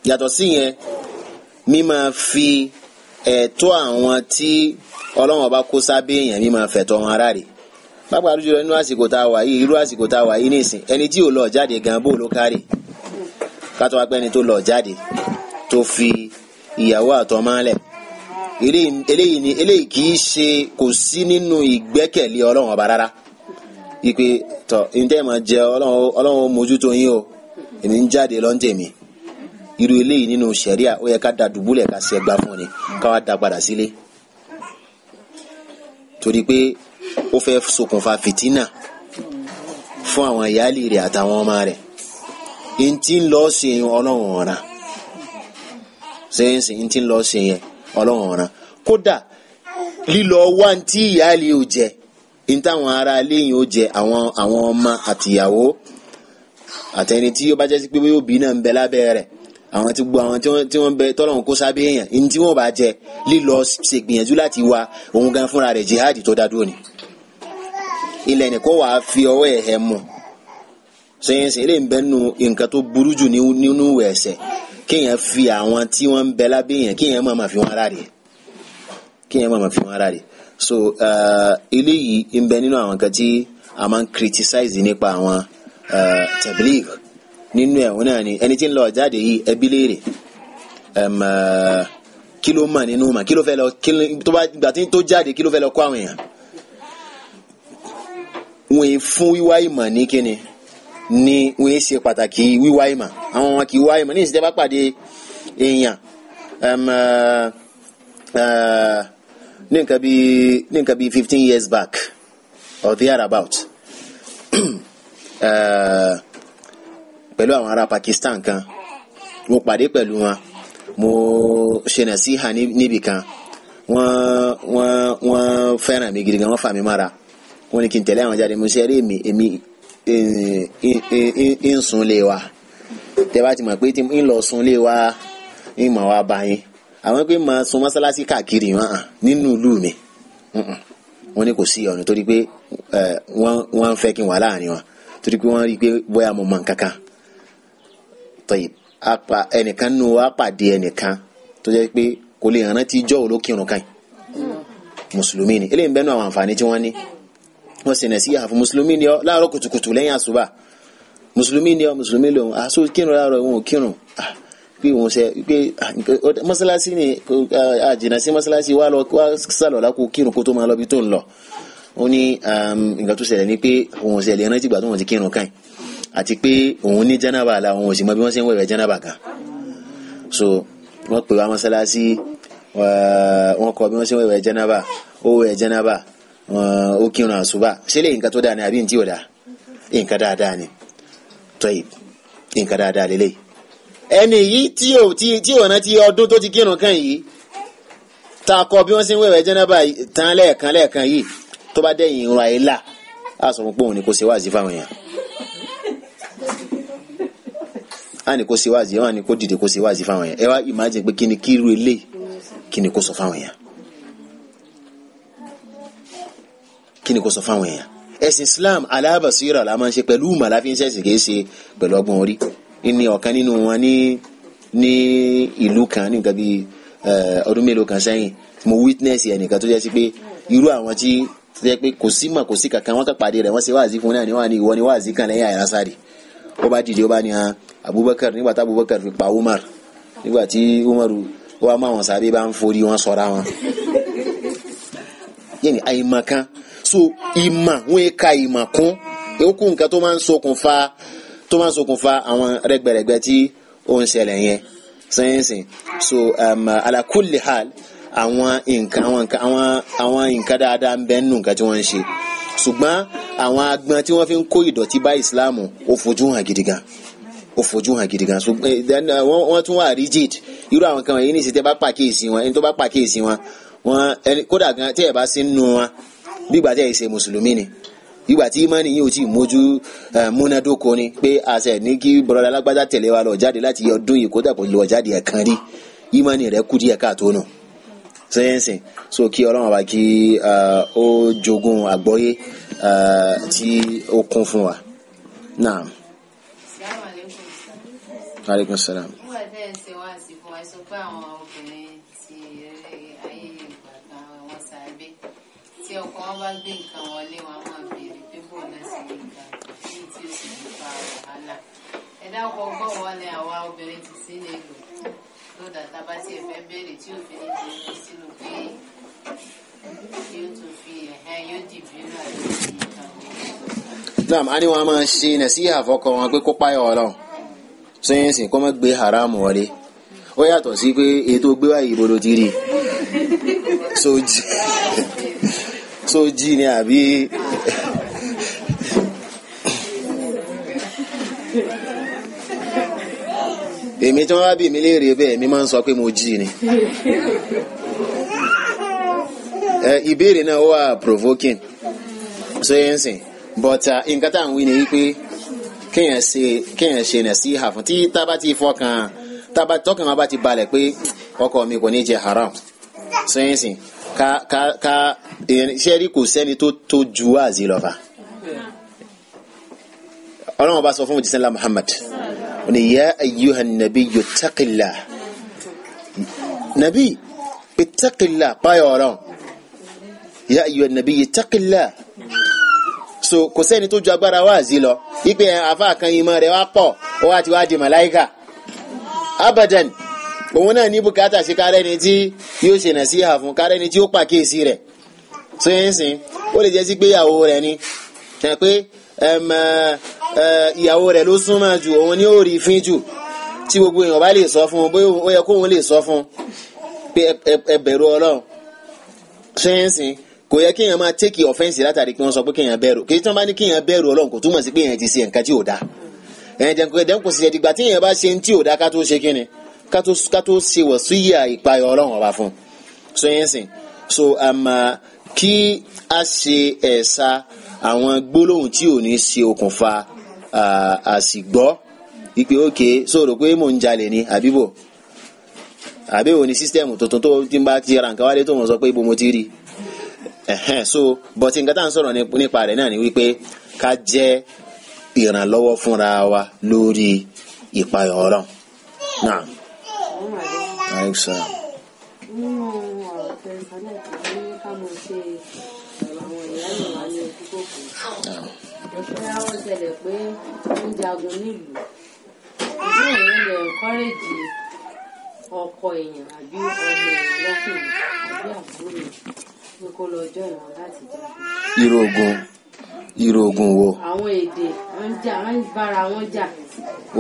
yàtọ̀ sí yẹn mímọ fi ẹ̀tọ́ àwọn tí ọlọ́run ọba kó sábẹ́ èèyàn mímọ fẹ̀tọ́ wọn ara rè pápá àdújọ nínú àsìkò tá a wà yìí irú àsìkò tá a wà yìí nìsín ẹni tí ò lọ jáde gan bó ló kárè kátó wá pẹ́ni tó lọ jáde tó fi ìyàwó àtọmọ lẹ̀ eléyìí ni eléyìí kì í ṣe kò sí nínú ìgbẹ́kẹ̀lé ọlọ́run ọba rárá ipe tọ ntẹ́ mọ̀ jẹ ọlọ́run mójútó yín o èmi ń jáde lọ́ntẹ̀mí irú eléyìí nínú ṣẹ̀ríà ó yẹ ká da dùbúlẹ̀ ká ṣe ẹgbà fún ni ká wá da padà sílé torí pé ó fẹ́ ṣokùnfà fìtínà fún àwọn ìyáálì rẹ̀ àtàwọn ọmọ rẹ̀ ntí ń lọ ṣe ọlọ́run ọ̀ràn sẹ́yìnsì ntí ń lọ ṣe yẹn ọlọ́run ọ̀ràn kódà lílọ wá ntí ìyá ilé ò jẹ ntáwọn ará ilé yìí ó jẹ àwọn àwọn ọmọ àtìyàwó àtẹni tí ó bá jẹ́ sí pé òbí náà ń bẹ lábẹ́ rẹ̀ àwọn ti gbọ àwọn tí wọ́n bẹ tọ́lọ́run kó sábẹ́ èèyàn ntí wọ́n bá jẹ lílọ ṣègbìyànjú láti wá òun gan fúnra rẹ̀ jihad tó dá dúró ni ilẹ̀ nìkan wàá fi ọwọ́ ẹ̀ hẹ́ mu sẹ́yìnsẹ́ ilé ìbẹ́ nu nǹkan tó burú jù nínú ẹ̀ṣẹ̀ kéèyàn fi àwọn tí wọ́n ń bẹ lábẹ́ yẹn kéèyàn máa ma fi wọ́n ráre kéèyàn máa ma fi wọ́n ráre so eh, eléyìí ń bẹ nínú àwọn kan tí a máa ń criticize nípa àwọn eh, tabligh nínú ẹ̀ wọn náà ni ẹni tí ń lọ jáde yìí ẹbí léèrè eh, kí ló mọ̀ nínú mà kí ló fẹ́ lọ tó bá gbà tí tó jáde kí ló fẹ́ lọ kó àwọn èèyàn wọ́n fún wíwá ìmọ̀ ní kíni ni wọ́n ṣe pàtàkì wíwá ìmọ̀ àwọn wọn kì í wá ìmọ̀ ní ìsìtẹ́ bá pàdé èèyàn um, uh, uh, ní nǹkan bíi ní nǹkan bíi fifteen years back or there about uh, pẹ̀lú àwọn ará Pakistan kan mo pàdé pẹ̀lú wọn mo ṣe nàṣíhà níbì kan wọ́n wọ́n wọ́n fẹ́ràn mi gidi gan wọ́n fà mí mára wọ́n ní kí n tẹ̀lé àwọn jáde mo ṣe eré mi èmi ń sun lé wa tẹ́ bá ti mọ̀ pé ń lọ sun lé wa ń mọ̀ wá bá yín àwọn pé máa sun mọ́sálásí káàkiri wọn hàn nínú ìlú mi wọ́n ní kò sí ọ̀nà torí pé wọ́n ń fẹ́ kí n wà láàrin wọn torí pé wọ́n rí i pé bóyá mo mọ nǹkan kan tọ́yì ẹnìkan nù wá pàdé ẹnìkan tó jẹ́ pé kò lè rántí jọ́ òlókìrùn kan mùsùlùmí ni eléyìí ń bẹ́ẹ̀ àwọn àǹfààní tí wọ́n ní wọ́n sì nàìsí àfọ mùsùlùmí ni ọ láàárọ̀ kùtùkùtù lẹ́yìn àṣùbà mùsùlùmí ni ọ mùsùlùmí lòun àṣọ kírun láàárọ̀ wọn ò kírun pé wọn ṣe pé mọ́sálásí ni àjìnà sí mọ́sálásí wà lọ wá sàlọ̀ lákò kírun kó tó máa lọ bí tó ń lọ ó ní nǹkan tó ṣẹlẹ̀ ni pé òun ṣẹlẹ̀ rántí ìgbà tó wọn ti kírun káyìn àti pé òun ní jánábà la òun ò sì mọ bí wọ́n ṣe ń so wọ́n pè wá mọ́sálásí wọ́n kọ́ bí wọ́n ṣe ń wẹ̀wẹ̀ wẹ̀ ó kírun àṣùbà sílẹ̀ nǹkan tó dáa ni àbí ntí ò dáa nǹkan dáadáa ni tọ́yì nǹkan dáadáa lélẹ̀ ẹni yìí tí ò tí ò rántí ọdún tó ti kírun kan yìí tá a kọ bí wọ́n ṣe ń wẹ̀wẹ̀ jẹ́nẹ́bà tán lẹ́ẹ̀kan lẹ́ẹ̀kan yìí tó bá dẹ̀yìn ìrun àìlà á sọ fún pé òun ni kò ṣe wáàzí fáwọn èèyàn á ní kó ṣe wáàzí á ní kó dìde kó ṣe wáàzí fáwọn èèyàn ẹ wá imagine pé kí ni kí irú eléyìí kí ni kó sọ fáwọn èèyàn kí ni kò sọ fáwọn èèyàn ẹ̀sìn Islam alábàṣírà la máa ń ṣe pẹ̀lú màlá fi ń ṣẹ̀sìn kì í ṣe pẹ̀lú ọgbọ́n orí ní ọ̀kan nínú wọn ní ní ìlú kan ní nǹkan bíi ọdún mélòó kan sẹ́yìn mo witness ẹnìkan tó jẹ́ sí pé irú àwọn tí tó jẹ́ pé kò sí mà kò sí kankan wọ́n kàn pàdé rẹ̀ wọ́n ṣe wáàzí fún náà ní wàá ní ìwọ ní wáàzí kan lẹ́yìn àyàrásárì ó bá dìde ó bá ní Abubakar nígbà tá Abubakar fi pa Umar nígbà tí Umar wa máa wọn sábẹ́ bá ń forí wọn sọra wọn yẹ́nì àyè màkan so ìmọ̀ wọ́n ka ìmọ̀ kún ìkú nǹkan tó máa ń ṣokùnfà tó máa ń ṣokùnfà àwọn rẹ́gbẹ̀rẹ́gbẹ̀ tí ó ń ṣẹlẹ̀ yẹn sẹ́yìnsì so um, hal àwọn nǹkan àwọn nǹkan àwọn àwọn nǹkan dáadáa ń bẹ nínú nǹkan tí wọ́n ń ṣe ṣùgbọ́n àwọn agbọn tí wọ́n fi ń kó ìdọ̀tí bá ìsìláàmù ó fojú hàn gidi ó fojú hàn gidi ṣùgbọ́n uh, wọ́n tún wà rigid irú àwọn kan wọ̀nyí ní ìsìtẹ́ bá pàkíyèsí wọn ẹni tó bá pàkíyèsí wọn wọn kódà gan tí ẹ̀ bá sí nínú wọn bígbà tẹ̀ ẹ̀ ṣe mùsùlùmí ni bígbà tí ìmánì yìí ò tí ì mójú múnádóko ni pé àṣẹ ní kí bọ̀dọ̀ alágbádá tẹ̀lé wa lọ jáde láti ọdún yìí kó dàpọ̀ lọ jáde ẹ̀kan rí ìmánì rẹ̀ kú díẹ̀ káàtó nù sẹ́yìnsìn so kí ọlọ́run wa kí ó jogún àgbọ́yé tí ó kún fún wa naam. aleykum salaam. nígbà tẹ́ ẹ ṣe wá sí fún pé àwọn obìnrin tí ọkọ wọn bá gbé nǹkan wọlé wọn á máa béèrè pé bóun náà sì ní nǹkan ní tí ó sì ní fa wàhálà ẹ dákọ ọgbọ́n wọn ni àwa obìnrin ti sí lè lò lọ́dà tábà tí ẹ fẹ́ béèrè tí òfin ní ti ní sínú pé yóò tún fi ẹ̀hẹ́ yóò dìbò náà lórí nǹkan náà a ní wọn máa ṣe nàṣíhà fọkọ wọn pé kó páyọ Ọlọ́run sẹyìnsìn kó má gbé haram wọlé ó yàtọ̀ sí pé ètò gbé wáyé ìbòdò ti rí so jí. sójì ni àbí. èmi tí wọ́n bá bí mi léèrè ma mi máa ń sọ pé mo jí ni. ìbéèrè náà provoking so yẹn sìn but uh, nǹkan tá à ń wí ni wípé kéèyàn ṣe kéèyàn ṣe nà sí àfún tí tábà ti fọkàn tábà tọkàn wọn bá ti balẹ̀ pé ọkọ mi kò ní jẹ haram so yẹn ká ká ká sẹ́rí kò sẹ́ni tó tó ju wáàzí lọ fa ọlọ́run bá sọ fún òjíṣẹ́ ńlá Muhammad ó ní ya ayyuhan nabiyyu ittaqillah nabi ittaqillah páyọ̀ ọ̀rọ̀ ya ayyuhan nabiyyu ittaqillah so kò sẹ́ni tó ju agbára wáàzí lọ ipe àfa kan ìmọ̀ rẹ̀ wá pọ̀ ó wá ti wá di màláìkà abadan òun náà ní bùkátà sí kárẹ́ni tí yóò ṣe nasiha fún kárẹ́ni tí ó pàkíyèsí rẹ̀ tó yẹn sìn ó lè jẹ́ sí pé ìyàwó rẹ̀ ni tẹ̀ pé ìyàwó rẹ̀ ló súnmọ́ jù òun ni ó rí fín jù tí gbogbo èèyàn bá lè sọ fún un bóyá ó yẹ kóun lè sọ fún un pé ẹ bẹ̀rù ọlọ́run tó yẹn sìn kò yẹ kéèyàn máa tẹ́kì ọ̀fẹ́ǹsì látàrí pé wọ́n sọ pé kéèyàn bẹ̀rù kí tí wọ́n bá ní kéèyàn bẹ̀rù ọlọ́run kò túmọ̀ sí pé èèyàn ti ṣe nǹkan tí ò dáa ẹ̀ẹ́dẹ̀kùn kò sì yẹ dìgbà tí èèyàn bá ṣe ń tí ò dáa ká tó ṣe kí ni kátó kátó ṣe wọ̀ sí yà ìpayọ̀ ọlọ́run ọba fún so yẹn so àmà kí a ṣe ẹ̀sà àwọn gbólóhùn tí ò ní ṣe okùnfà àṣìgbọ́ ìpè òkè so rò pé mò ń jalè ni àbíbò àbí òní sísítẹ́ẹ̀mù tuntun tó ti ń bá ti ra nǹkan wálé tó mọ̀ sọ pé ibo mo ti rí so bọ̀tí nǹkan tá à ń sọ̀rọ̀ nípa rẹ̀ náà ni wípé ká jẹ́ ìrànlọ́wọ́ fúnra wa lórí ìpayọ̀ ọ̀rọ̀ náà àìsà. nínú àfẹnifàlẹ̀ tó ní wo. àwọn èdè wọn jà wọn bára wọn jà.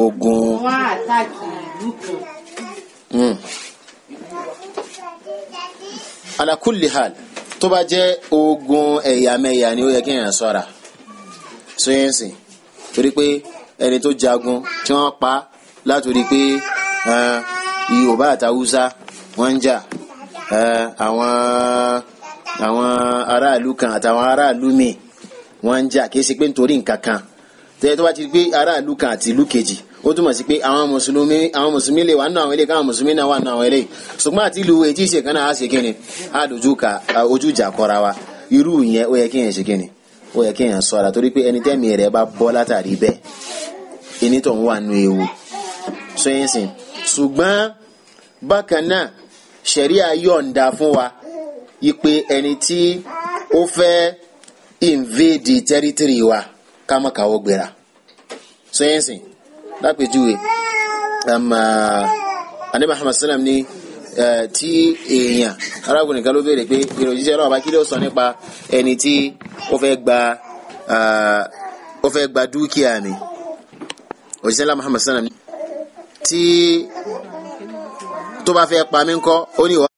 ogun. wọn àtàkì ìlú kan. Hmm ala kulli hal tó bá jẹ́ ogun ẹ̀yàmẹ̀yà ni ó yẹ kí èèyàn ṣọ́ra sóyẹ́nsì torí pé ẹni tó jagun tí wọ́n pa látòrí pé yorùbá àtàwùsá wọ́n ń jà àwọn àwọn aráàlú kan àtàwọn aráàlú míì wọ́n ń jà kì í ṣe pé nítorí nǹkan kan tẹ́lẹ̀ tó bá ti rí pé aráàlú kan àti ìlú kejì ó túmọ̀ sí pé àwọn mùsùlùmí àwọn mùsùlùmí lè wà nínú àwọn ilé káwọn mùsùlùmí náà wà nínú àwọn ilé ṣùgbọ́n àti ìlú etí ìṣe kan náà á ṣe kí ni á dojú ka ojú ìjà kọra wa irú yẹn ó yẹ kí yẹn ṣe kí ni ó yẹ kí yẹn ṣọ́ra torí pé ẹni tẹ́mi rẹ̀ bá bọ́ látàrí ewu ṣùgbọ́n bákan náà fún wa yi ẹni tí ó fẹ́ invade territory wa lápèjúwe um, uh, àní Muhammad sallam ní uh, tí èèyàn arákùnrin kan ló béèrè pé ìròyìn jíjẹ ọlọ́wọ́ bá kí ló sọ nípa ẹni tí ó fẹ́ gba uh, ó fẹ́ gba dúkìá mi òjíṣẹ́ lá Muhammad sallam tí tó bá fẹ́ pa mí ńkọ́ ó ní ìwọ.